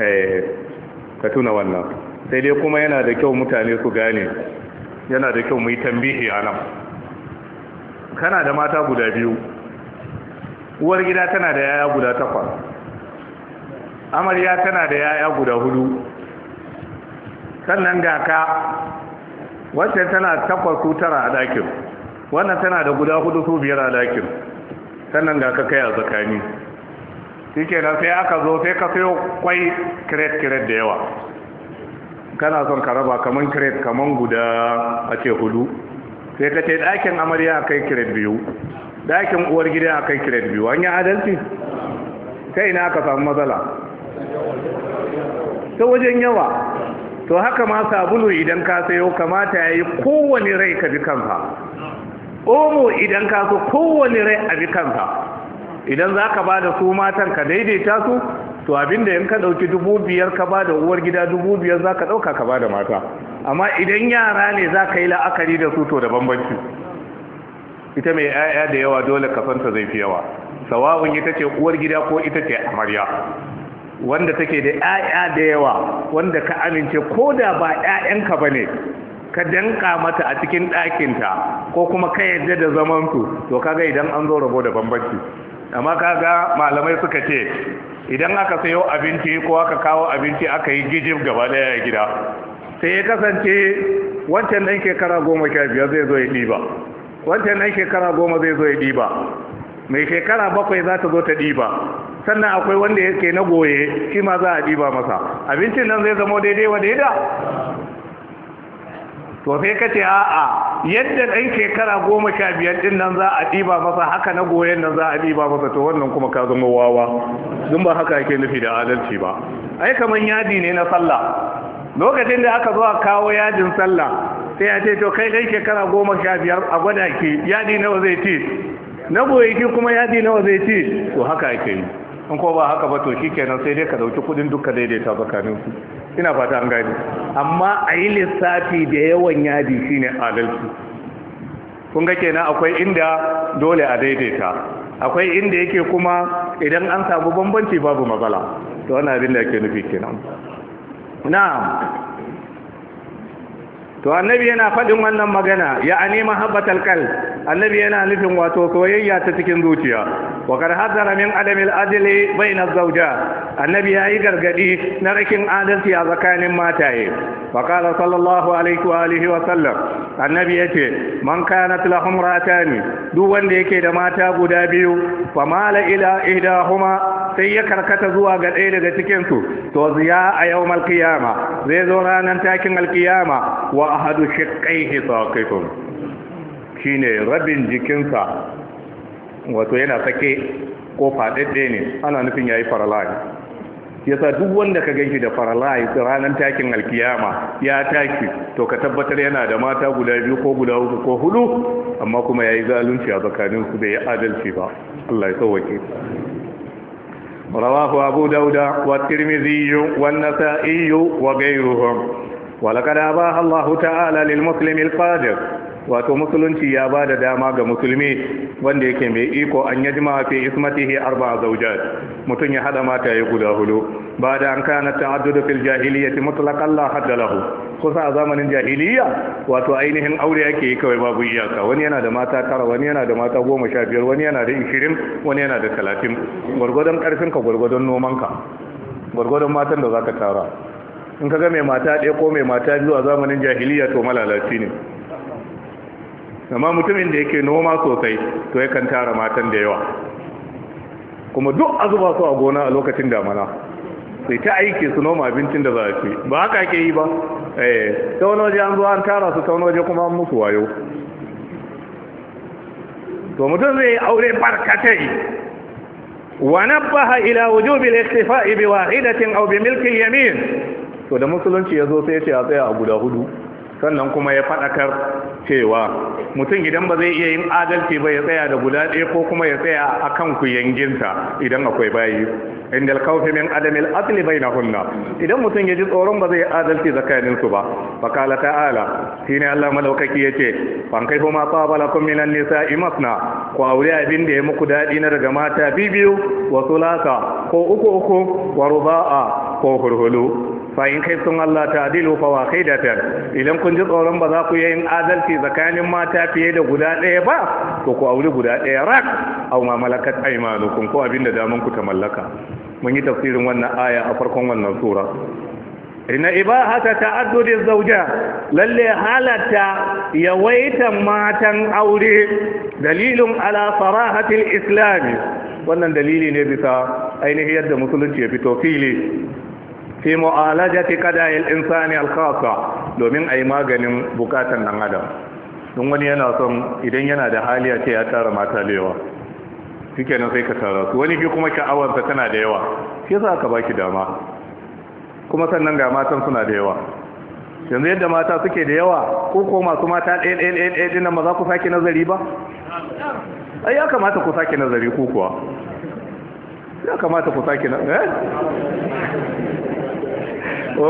eh ka tuna wannan sai dai kuma yana da kyau mutane su gane yana da kyau mu yi tambihi a nan kana da mata guda biyu uwar gida tana da yaya guda takwas amarya tana da yaya guda hudu sannan ga ka wacce tana takwas su tara a ɗakin wannan tana da guda hudu su biyar a ɗakin sannan ga ka kai a tsakani shi kenan sai aka zo sai ka sayo kwai kiret-kiret da yawa kana son ka raba kaman kiret kaman guda a ce hudu sai ka ce ɗakin amarya a kai kiret biyu dakin uwar gida a kai kiret biyu an yi adalci kai na aka samu matsala ta wajen yawa to haka ma sabulu idan ka sayo kamata ya yi kowane rai ka bi kanka omo idan ka so kowane rai a bi kanka idan za ka ba da su matan ka daidaita su to abinda in ka ɗauki dubu biyar ka ba da uwar gida dubu biyar za ka ɗauka ka ba da mata amma idan yara ne za ka yi la'akari da su to da bambanci ita mai yaya da yawa dole kasanta zai fi yawa sawawun ita ce uwar gida ko ita ce amarya wanda take da yaya da yawa wanda ka amince ko da ba yayanka ba ne, ka danka mata a cikin ɗakinta ko kuma ka yadda da zaman su to ga idan an zo rabo da bambanci amma kaga malamai suka ce idan aka sayo abinci ko aka kawo abinci aka yi gijib gaba daya a gida sai ya kasance wancan ɗan shekara goma sha biyar zai zo ya ɗiba wancan nan shekara goma zai zo ya diba mai shekara bakwai za ta zo ta diba sannan akwai wanda yake na goye shi ma za a diba masa abincin nan zai zama daidai wa daida to sai ka ce a'a yadda ɗan shekara goma sha biyar ɗin nan za a ɗiba masa haka na goyen nan za a ɗiba masa to wannan kuma ka zama wawa don ba haka yake nufi da adalci ba ai kamar yadi ne na sallah lokacin da aka zo a kawo yajin sallah sai ya ce to kai kai shekara goma sha biyar a gwada ki yadi nawa zai ci na goyi ki kuma yadi nawa zai ci to haka ake yi in ko ba haka ba to shi kenan sai dai ka dauki kudin duka daidaita bakanin ku ina fata an gani amma a yi lissafi da yawan yadi shine adalci kun ga kenan akwai inda dole a daidaita akwai inda yake kuma idan an samu bambanci babu matsala to wannan abin da yake nufi kenan na'am to annabi yana faɗin wannan magana ya ani mahabbatal kal annabi yana nufin wato soyayya ta cikin zuciya wa kar hadara min adamil adli baina zawja annabi yayi gargadi na rikin adalci a tsakanin mataye wa qala sallallahu alaihi wa alihi wa sallam annabi yace man kanat lahum ratani duk wanda yake da mata guda biyu fa mala ila ihdahuma sai ya karkata zuwa ga ɗaya daga cikin su to ziya a yawmal qiyama zai zo ranar takin alqiyama wa ahadu shiqqaihi shi shine rabin jikinsa wato yana sake ko fadadde ne ana nufin yayi paralyze yasa duk wanda ka ganshi da paralyze ranar takin alkiyama ya tashi, to ka tabbatar yana da mata guda biyu ko guda uku ko hudu amma kuma yayi zalunci a tsakanin su bai adalci ba Allah ya Abu dauda wa tirmidhi wa nasa'i wa ghayruhum walaqad ba Allahu ta'ala lil muslimi il qadir wato musulunci ya ba da dama ga musulmi wanda yake mai iko an ya yajma fi ismatihi arba'a zawjat mutun ya hada mata ya guda hudu ba da an kana ta'addudu fil jahiliyyati mutlaqan la hadda lahu kusa a zamanin jahiliyya wato ainihin aure yake yi kawai babu iyaka wani yana da mata tara wani yana da mata goma sha biyar wani yana da ishirin wani yana da talatin gwargwadon karfinka gwargwadon nomanka gwargwadon matan da za ka tara in kaga mai mata ɗaya ko mai mata biyu a zamanin jahiliya to malalaci ne amma mutumin da yake noma sosai to ya kan tara matan da yawa kuma duk a zuba su a gona a lokacin damana sai ta aiki su noma abincin da za a ce ba haka ke yi ba eh ta wani waje an zo an tara su ta wani waje kuma an musu wayo to mutum zai yi aure barkatai wa nabbaha ila wujubi al-ikhtifa'i bi wahidatin aw bi milki al-yamin to da musulunci ya zo sai ya ce a tsaya a guda hudu sannan kuma ya faɗakar cewa mutum idan ba zai iya yin adalci ba ya tsaya da guda ɗaya ko kuma ya tsaya a kan ku yanginta idan akwai bayi inda alkawfi min adamil asli bai na hunna idan mutum ya ji tsoron ba zai yi adalci tsakanin su ba fakala ta'ala shi ne allah malaukaki ya ce ban kai kuma tsabala kun minan nisa imasna ku aure abin da ya muku daɗi na daga mata bibiyu wasu lasa ko uku uku wa ruba'a ko hulhulu fa in kai sun allah ta'adilu fa wa kai idan kun ji tsoron ba za ku yin adalci tsakanin mata fiye da guda ɗaya ba to ku auri guda ɗaya rak aw ma malakat aymanukum ko abinda daman ku ta mallaka mun yi tafsirin wannan aya a farkon wannan sura inna ibahata ta'addudi zauja lalle halatta, yawaita matan aure dalilin ala farahatil islam wannan dalili ne bisa ainihi yadda musulunci ya fito fili fi mu'alajati qada'il insani al-khassa domin ayi maganin bukatan dan adam don wani yana son idan yana da hali a ce ya tara mata da yawa shike nan sai ka tara su wani shi kuma ta tana da yawa shi yasa ka baki dama kuma sannan ga matan suna da yawa yanzu yadda mata suke da yawa ko ko masu mata ɗaya ɗaya ɗaya ɗaya ɗin ba za ku sake nazari ba ai ya kamata ku sake nazari ku kuwa ya kamata ku sake na eh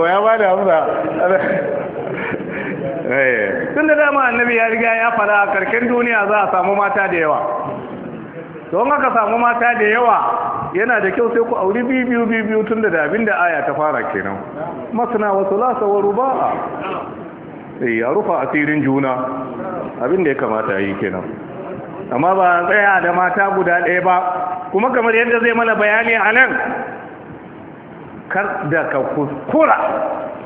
ya ba da amsa eh. tun da dama annabi ya riga ya fara a karkin duniya za a samu mata da yawa don haka samu mata da yawa yana da kyau sai ku auri biyu biyu biyu tun da dabin da aya ta fara kenan masana wasu lasa wa ruba'a ya eh, rufa asirin juna abin da ya kamata yi kenan amma ba tsaya da mata guda ɗaya ba kuma kamar yadda zai mana bayani a nan kar da ka kuskura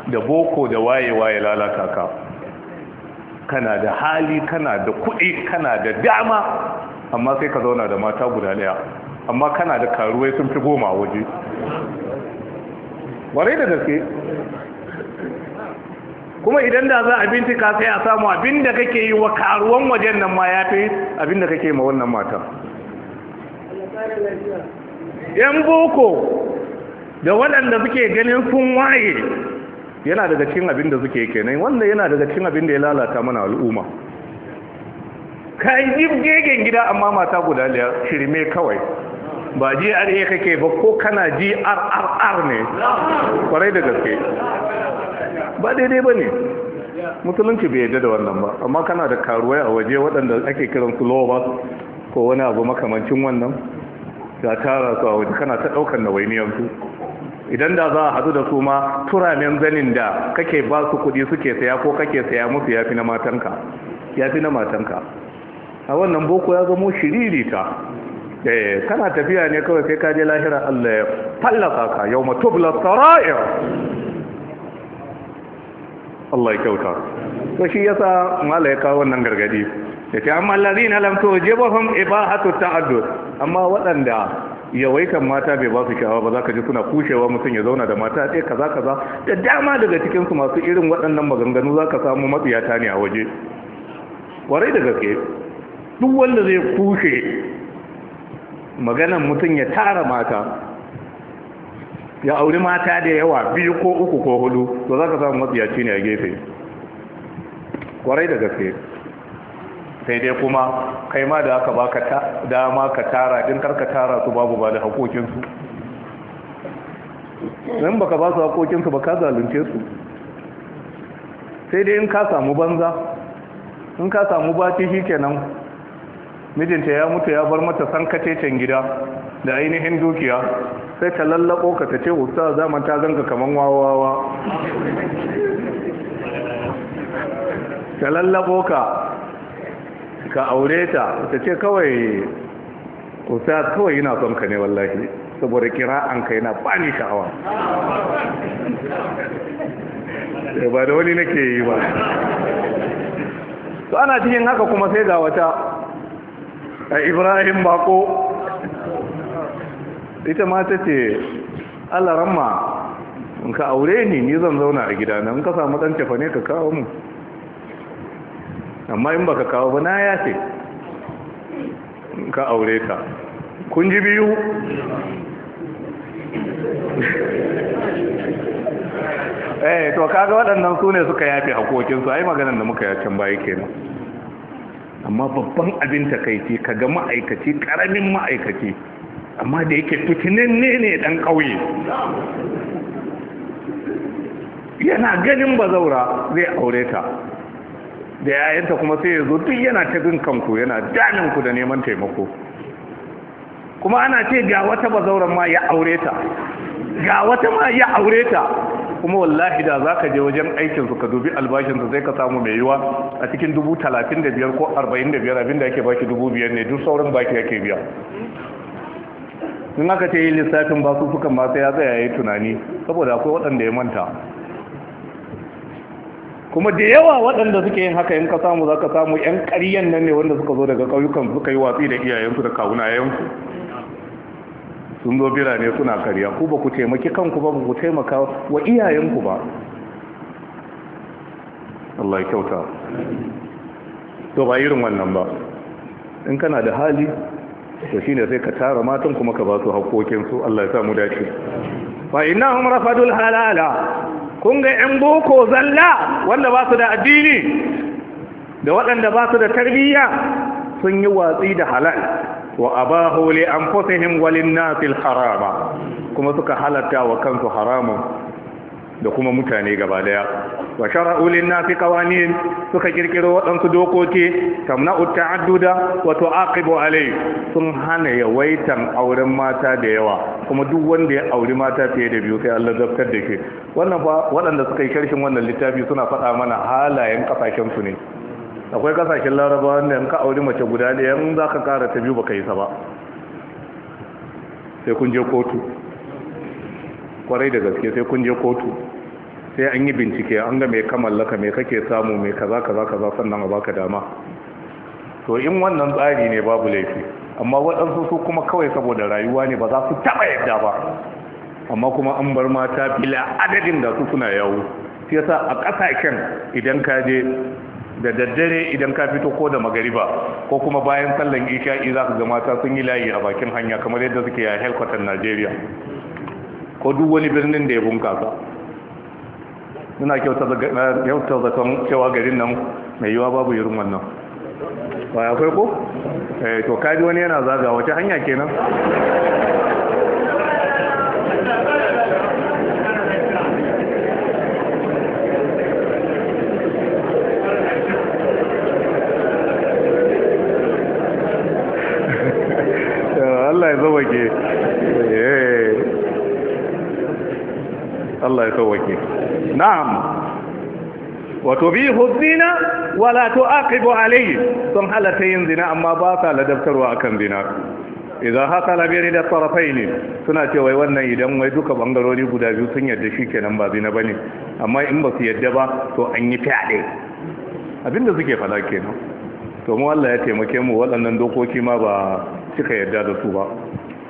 da boko da wayewa ya lalata ka kana da hali kana da kuɗi kana da dama amma sai ka zauna da mata guda daya amma kana da karuwai sun fi goma waje warai da gaske kuma idan da za a ka sai a samu abin da kake yi wa karuwan wajen nan ma ya fi abin da kake ma wannan matan yan boko da waɗanda suke ganin sun waye yana daga cikin abin da suke kenan wanda yana daga cikin abin da ya lalata mana al'umma ka yi gegen gida amma mata guda da shirme kawai ba GRA kake ba ko kana rrr ne kwarai da gaske ba daidai ba ne musulunci bai yadda da wannan ba amma kana da karuwai a waje waɗanda ake kiran su lowa ko wani abu makamancin wannan ga tara su a waje kana ta ɗaukar nawainiyar su idan da za a hadu da su ma turamen zanin da kake ba su kudi suke saya ko kake saya musu fi na matanka fi na matanka a wannan boko ya zamo ta. eh kana tafiya ne kawai sai ka je lahira Allah ya fallaka ka yawma tubla sarair Allah ya kyauta to shi yasa mallaka ya kawo wannan gargadi yace amma allazina lam tujibhum ibahatu ta'addud amma waɗanda yawaitan mata bai ba su sha'awa ba za ka ji suna kushewa mutum ya zauna da mata ɗaya eh, kaza kaza da dama daga cikinsu masu irin waɗannan maganganu za ka samu matsiyata ne a waje kwarai da gaske duk wanda zai kushe maganan mutum ya tara mata ya auri mata da yawa biyu ko uku ko hudu to za ka samu matsiyaci ne a gefe kwarai da gaske sai dai kuma kai ma da aka baka dama ka tara din karka tara su babu ba da haƙoƙinsu in baka ba su haƙoƙinsu ba ka zalunce su sai dai in ka samu banza in ka samu baci shi kenan mijinta ya mutu ya bar mata can gida da ainihin dukiya sai ta lallabo ka ta ce usta zaman ta zanga kaman wawawa ta lallabo ka ka aure ta ta ce kawai kusa kawai yana son ka ne wallahi saboda an ka yana bani sha'awa eh, ba da wani nake yi ba to ana cikin haka kuma sai ga wata a ibrahim bako ita ma ta ce allah ramma in ka aure ni ni zan zauna a gidana in ka samu dan tafa ka kawo mu amma in baka kawo ba na ya ce ka aure ta kun ji biyu eh to kaga waɗannan su ne suka yafe hakokinsu ai maganar da muka yacin baya kenan amma babban abin takaici kaga ma'aikaci karamin ma'aikaci amma da yake fitinanne ne dan ƙauye yana ganin bazaura zai aure ta da yayanta kuma sai ya zo duk yana ta bin kanku yana damin ku da neman taimako kuma ana ce ga wata bazauran ma ya aure ta ga wata ma ya aure ta kuma wallahi da za ka je wajen aikin su ka dubi albashin su sai ka samu mai yiwa a cikin dubu talatin da biyar ko arba'in da biyar abinda ake baki dubu biyar ne duk sauran baki ake biya in aka ce yi lissafin basu sukan ma sai ya tsaya ya yi tunani saboda akwai waɗanda ya manta kuma da yawa waɗanda suke yin haka in ka samu za ka samu 'yan ƙariyan nan ne wanda suka zo daga ƙauyukan suka yi watsi da iyayensu da kawunayensu sun zo birane suna karya ku ba ku taimaki kanku ba ku taimaka wa iyayenku ba Allah ya kyauta to ba irin wannan ba in kana da hali to shine sai ka tara matan kuma ka ba su haƙoƙinsu Allah ya samu dace fa innahum rafadul halala kun ga 'yan boko zalla wanda ba su da addini da waɗanda ba su da tarbiyya sun yi watsi da halal wa abahu li anfusihim walin nasil harama kuma suka halatta wa kansu haramun da kuma mutane gaba daya wa shara'u lin-nasi qawanin suka kirkiro waɗansu dokoki tamna'u ta'adduda wa tu'aqibu alayhi sun hana yawaitan auren mata da yawa kuma duk wanda ya auri mata fiye da biyu sai Allah zaftar da ke wannan fa waɗanda suka yi karshen wannan littafi suna faɗa mana halayen kasashen su ne akwai kasashen larabawa wanda in ka auri mace guda ɗaya in za ka ƙara ta biyu baka yi sa ba sai kun je kotu kwarai da gaske sai kun je kotu sai an yi bincike an ga mai kamallaka mai kake samu mai kaza kaza kaza sannan a baka dama to in wannan tsari ne babu laifi amma waɗansu su kuma kawai saboda rayuwa ne ba za su taɓa yadda ba amma kuma an bar mata bila adadin da su suna yawo shi yasa a ƙasashen idan ka je da daddare idan ka fito ko da magariba ko kuma bayan sallan isha'i za ka ga mata sun yi layi a bakin hanya kamar yadda suke a helkwatar najeriya ko duk wani birnin da ya bunkasa muna eh, kyauta zaton cewa garin nan mai yiwa babu irin wannan ba akwai ko? Eh, to kaji wani yana zaga wace hanya kenan na'am wato bi huzina wala tu'aqibu alayhi sun halatta yin zina amma ba sa ladabtarwa akan zina idan haka labiri da farafai ne suna ce wai wannan idan wai duka bangarori guda biyu sun yarda shi kenan ba zina bane amma in ba su yadda ba to an yi fyaɗe abinda suke fada kenan to mu Allah ya taimake mu waɗannan dokoki ma ba cika yadda da su ba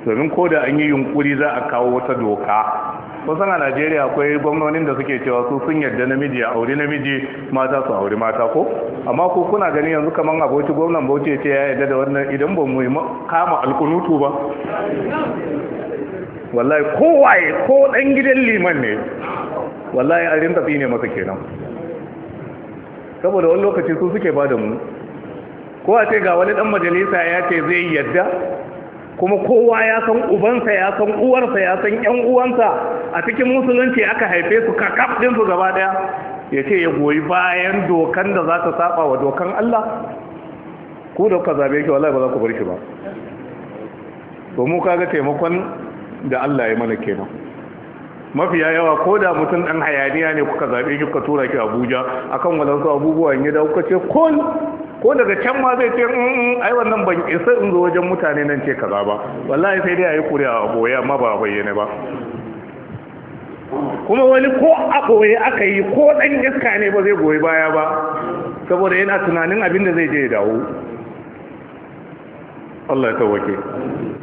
domin ko da an yi yunkuri za a kawo wata doka kusan a najeriya akwai gwamnonin da suke cewa su sun yarda namiji a auri namiji mata su auri mata ko amma ko kuna gani yanzu kamar aboki gwamnan bauchi ce ya yarda da wannan idan ba mu kama alkunutu ba wallahi kowaye ko dan gidan liman ne wallahi a rinta ne masa kenan saboda wani lokaci su suke ba da mu ko a ce ga wani dan majalisa ya ce zai yarda kuma kowa ya san ubansa ya san uwarsa ya san yan uwansa a cikin musulunci aka haife su kakaf din su gaba daya ya ce ya goyi bayan dokan da za ta saba wa dokan Allah ku da kuka zabe ki wallahi ba za ku bar shi ba to mu kaga taimakon da Allah ya mana kenan mafiya yawa ko da mutum dan hayaniya ne kuka zabe ki ka tura ki Abuja akan walansu abubuwan ya da kuka ce kun ko daga can ma zai ce mm, mm, ai wannan ban isa in zo wajen mutane nan ce kaza ba wallahi sai dai ayi kuri'a a boye amma ba bayyane ba kuma wani ko a boye aka yi ko dan iska ne ba zai goyi baya ba saboda yana tunanin abin da zai je ya dawo Allah ya tawake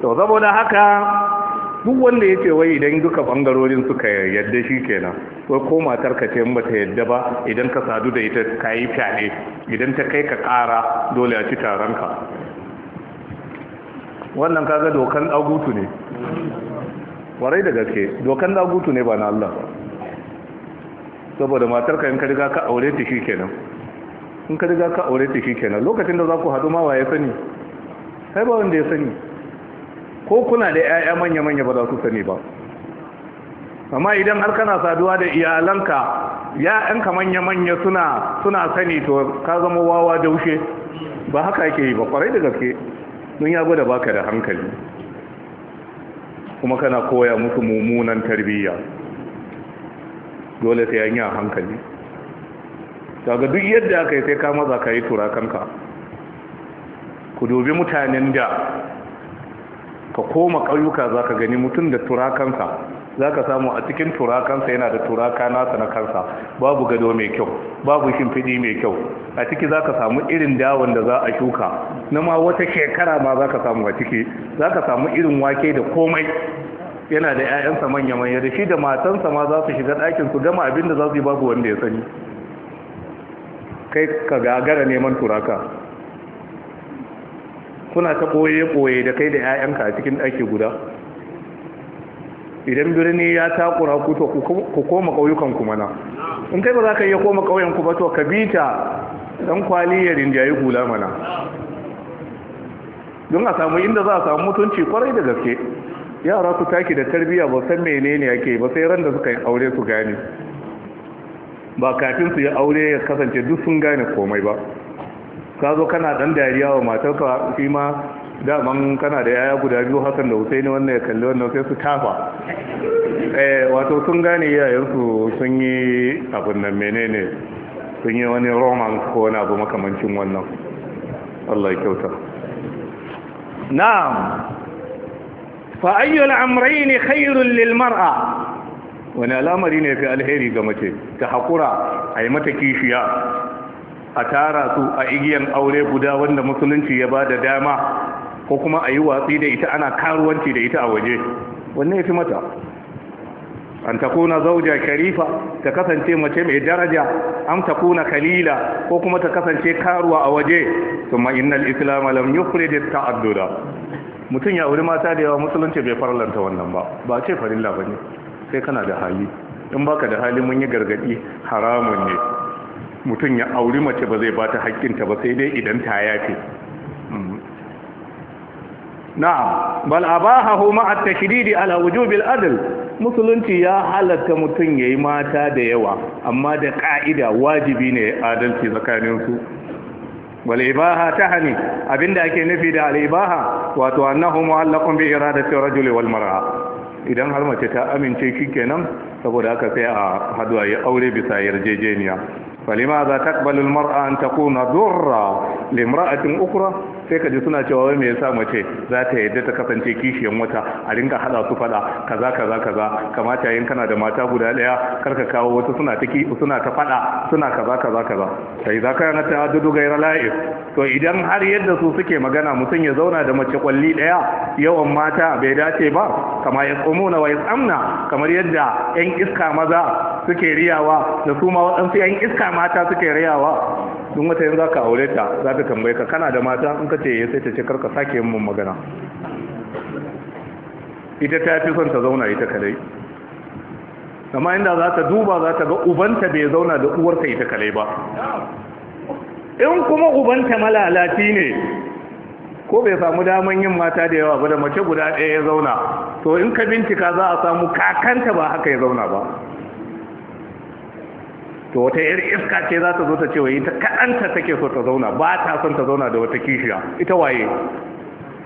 to saboda haka duk wanda ya ce wai idan duka bangarorin suka yadda shi kenan wai ko matar ka ce mata yadda ba idan ka sadu da ita ka yi fyaɗe idan ta kai ka ƙara dole a ci taron ka wannan kaga dokan dagutu ne warai da gaske dokan dagutu ne ba na Allah saboda matar ka in ka riga ka aure ta shi kenan in ka riga ka aure ta shi kenan lokacin da za ku haɗu ma waye sani sai ba wanda ya sani ko kuna da 'ya'ya manya-manya ba za su sani ba amma idan har kana saduwa da iyalanka ka manya-manya suna suna sani to ka zama wawa daushe ba haka yake yi ba kwarai da gaske mun ya gwada baka da hankali kuma kana koya musu mummunan tarbiyya dole sai yanya yi a hankali daga duk yadda aka yi sai ka maza ka yi tura kanka ku dubi mutanen da ka koma ƙauyuka za ka gani mutum da turakansa za ka samu a cikin turakansa yana da turaka nasa na kansa babu gado mai kyau babu shimfiɗi mai kyau a ciki za ka samu irin dawon da za a shuka na ma wata shekara ma za ka samu a ciki za ka samu irin wake da komai yana da 'ya'yansa manya-manya da shi da matansa ma za su shiga ɗakin su gama abin da za su yi babu wanda ya sani kai ka gagara neman turaka kuna ta ɓoye-ɓoye da kai da 'ya'yanka a cikin ɗaki guda idan birni ya takura ku to ku koma ƙauyukan mana in kai ba za ka iya koma ƙauyen ku ba to ka bi ta dan kwali ya rinjaye hula mana don a samu inda za a samu mutunci kwarai da gaske yara su taki da tarbiyya ba san menene yake ba sai ran da suka yi aure su gane ba kafin su yi aure ya kasance duk sun gane komai ba ka zo kana dan dariya wa matarka shi ma daman kana da yaya guda biyu hakan da husaini wannan ya kalli wannan sai su tafa eh wato sun gane iyayensu sun yi abin nan menene sun yi wani roman ko wani abu makamancin wannan Allah ya kyauta na'am fa ayyul amrayn khairul lil mar'a wani al'amari ne fi alheri ga mace ta hakura a yi mata kishiya a tara su a igiyan aure guda wanda musulunci ya ba da dama ko kuma a yi watsi da ita ana karuwanci da ita a waje wannan ya fi mata an kuna zauja sharifa ta kasance mace mai daraja ta kuna kalila ko kuma ta kasance karuwa a waje su ma'inar islam da ta addura mutum ya auri mata da yawa musulunci bai farlanta wannan ba ba ce farilla bane sai kana da hali in baka da hali mun yi gargadi haramun ne mutum ya auri mace ba zai ba ta haƙƙinta ba sai dai idan ta yafe na'am bal Huma, ma'a tashdidi ala wujubil adl musulunci ya halatta mutum yayi mata da yawa amma da ka'ida wajibi ne adalci tsakanin su wal ibaha tahni abinda ake nufi da al ibaha wato annahu mu'allaqun bi iradati rajuli wal mar'a idan har mace ta amince kenan saboda haka sai a haduwa ya aure bisa yarjejeniya فلماذا تقبل المرأة أن تكون ذرة لامرأة أخرى sai ka ji suna cewa wai me yasa mace za ta yadda ta kasance kishiyan wata a rinka hada su fada kaza kaza kaza kamata yin kana da mata guda daya karka kawo wasu suna ta suna ta fada suna kaza kaza kaza sai za ka yana ta dudu gairar la'ib to idan har yadda su suke magana mutum ya zauna da mace kwalli daya yawan mata bai dace ba kama ya tsumuna wa tsamna kamar yadda yan iska maza suke riyawa da su ma waɗansu yan iska mata suke riyawa duk wata yanzu za ka aure ta za ta tambaye ka kana da mata in ka ta ce ya sai ta ce karka sake yin mun magana ita ta fi son ta zauna ita kadai amma inda za ta duba za ta ga ubanta bai zauna da uwarka ita kadai ba in kuma ubanta malalaci ne ko bai samu daman yin mata da yawa ba da mace guda ɗaya ya zauna to in ka bincika za a samu kakanta ba haka ya zauna ba to wata yar iska ce za ta zo ta ce wai ita kaɗanta take so ta zauna ba ta son ta zauna da wata kishiya ita waye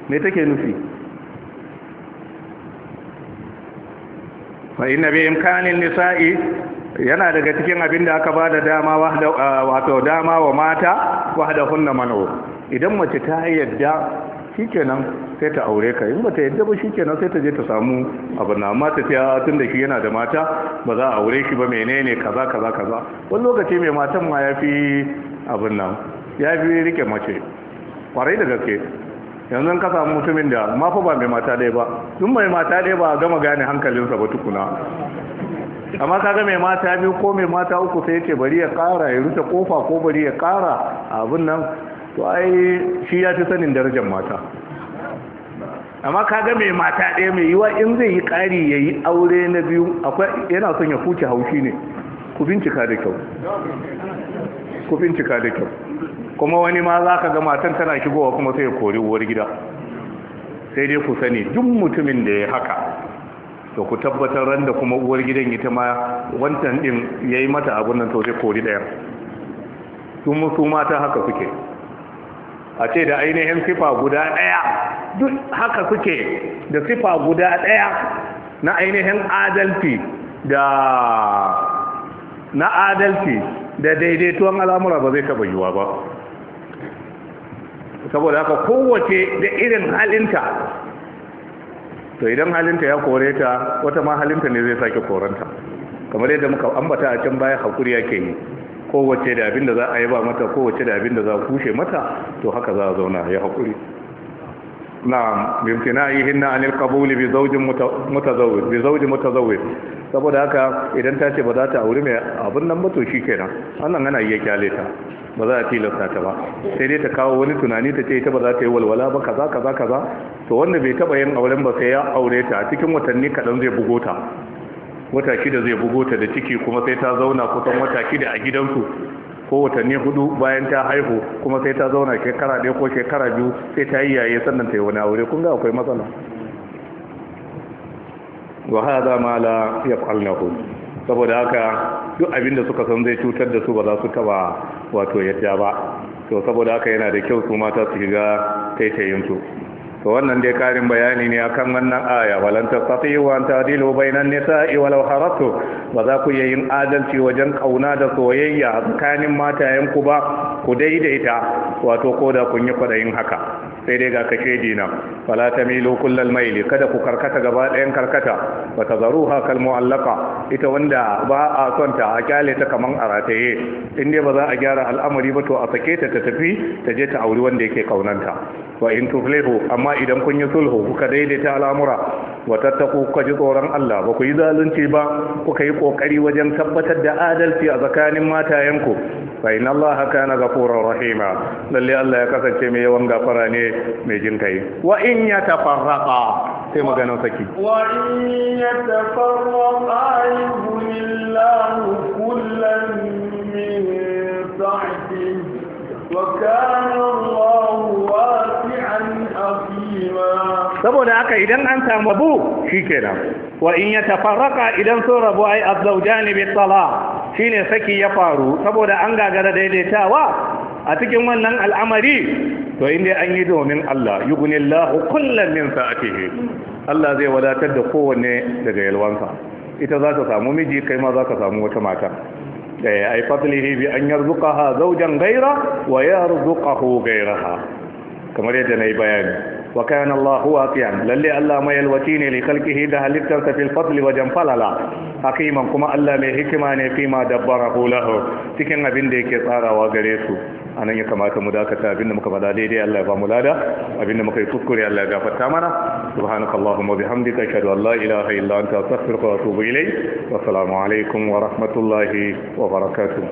me take nufi fa inna bi imkanin nisa'i yana daga cikin abin da aka bada dama wato dama wa mata wahda hunna manu idan mace ta yadda shikenan sai ta aure ka in ba ta yadda ba shikenan sai ta je ta samu abu na amma ta tiya tun da shi yana da mata ba za a aure shi ba menene kaza kaza kaza wani lokaci mai matan ma ya fi abin nan ya fi rike mace kwarai da gaske yanzu ka samu mutumin da mafi ba mai mata ɗaya ba tun mai mata ɗaya ba gama gane hankalinsa ba tukuna amma kaga mai mata biyu ko mai mata uku sai ce bari ya kara ya rufe kofa ko bari ya kara abin nan to ai shi ya fi sanin darajar mata amma ga mai mata ɗaya mai yiwa in zai yi ƙari ya yi aure na biyu akwai yana son ya huce haushi ne ku bincika da kyau ku bincika da kyau kuma wani ma za ka ga matan tana shigowa kuma sai ya kori uwar gida sai dai ku sani duk mutumin da ya haka to ku tabbatar ran da kuma uwar gidan ita ma wancan din ya yi mata abin nan to sai kori ɗaya su mata haka suke a ce da ainihin sifa guda ɗaya duk haka suke da sifa guda ɗaya na ainihin adalci da na adalci da daidaituwan al'amura ba zai taba yiwa ba saboda haka kowace da irin halinta to idan halinta ya kore ta wata ma halinta ne zai sake koranta kamar yadda muka ambata a can baya hakuri yake yi kowace da abin da za a yaba mata kowace da abin da za a kushe mata to haka za a zauna ya haƙuri na bimtina'ihinna na qabuli bi zawjin mutazawwij bi zaujin mutazawwij saboda haka idan ta ce ba za ta auri mai abin nan ba shi kenan, wannan ana iya kyale ta ba za a tilasta ta ba sai dai ta kawo wani tunani ta ce ita ba za ta yi walwala ba kaza kaza kaza to wanda bai taba yin auren ba sai ya aure ta cikin watanni kadan zai bugo ta wata shida zai bugo ta da ciki kuma sai ta zauna kusan wata shida a gidansu ko watanni hudu bayan ta haihu kuma sai ta zauna shekara ɗaya ko shekara biyu sai ta yi yaye sannan ta yi wani aure kun ga akwai matsala wa za ma la yaf'alnahu saboda haka duk abin da suka san zai cutar da su ba za su taba wato yadda ba to saboda haka yana da kyau su mata su shiga taitayinsu. to wannan dai karin bayani ne akan wannan aya safi wa anta dilu bainan nisa'i walau haratu ba za ku yin adalci wajen kauna da soyayya tsakanin matayen ku ba ku daidaita wato ko da kun yi kwadayin haka sai dai ga kake dina wala tamilu kullal maili kada ku karkata gaba ɗayan karkata wa tazaruha kal mu'allaqa ita wanda ba a son ta a kyale ta kaman a rataye in dai ba za a gyara al'amari ba to a sake ta ta tafi ta je ta auri wanda yake kaunanta wa in tuflihu amma idan kun yi sulhu kuka daidaita al'amura wa tattaku kuka ji tsoron Allah ba ku yi zalunci ba kuka yi kokari wajen tabbatar da adalci a tsakanin matayenku fa inna Allah kana ghafurur rahima lalle Allah ya kasance mai yawan gafara ne ne mai jin kai wa in ya tafarraqa sai maganar saki wa in ya tafarraqa yuhillahu kullan min sa'ati wa kana Allahu saboda haka idan an samu bu shikenan wa in ya tafarraka idan sun rabu ai azzawjani bi tala shine saki ya faru saboda an gagara daidaitawa a cikin wannan al'amari to inda an yi domin Allah yughnillahu kullam min sa'atihi Allah zai wadatar da kowanne daga yalwansa ita za ta samu miji kai ma za ka samu wata mata eh, ai fadlihi bi an yarzuqaha zawjan ghayra wa yarzuqahu ghayraha kamar yadda na yi bayani wa kana Allah waqiyan lalle Allah mai alwati ne li kalkihi da halittarsa fil fadli wajen falala hakiman kuma Allah mai hikima ne fi ma dabbara lahu cikin abin da yake tsarawa gare su anan ya kamata mu dakata abin da muka faɗa daidai Allah ya ba mu lada abin da muka yi kuskure Allah ya gafarta mana subhanakallahumma bihamdika ashhadu an la ilaha illa anta astaghfiruka wa atubu ilayk wa assalamu alaikum wa rahmatullahi wa barakatuh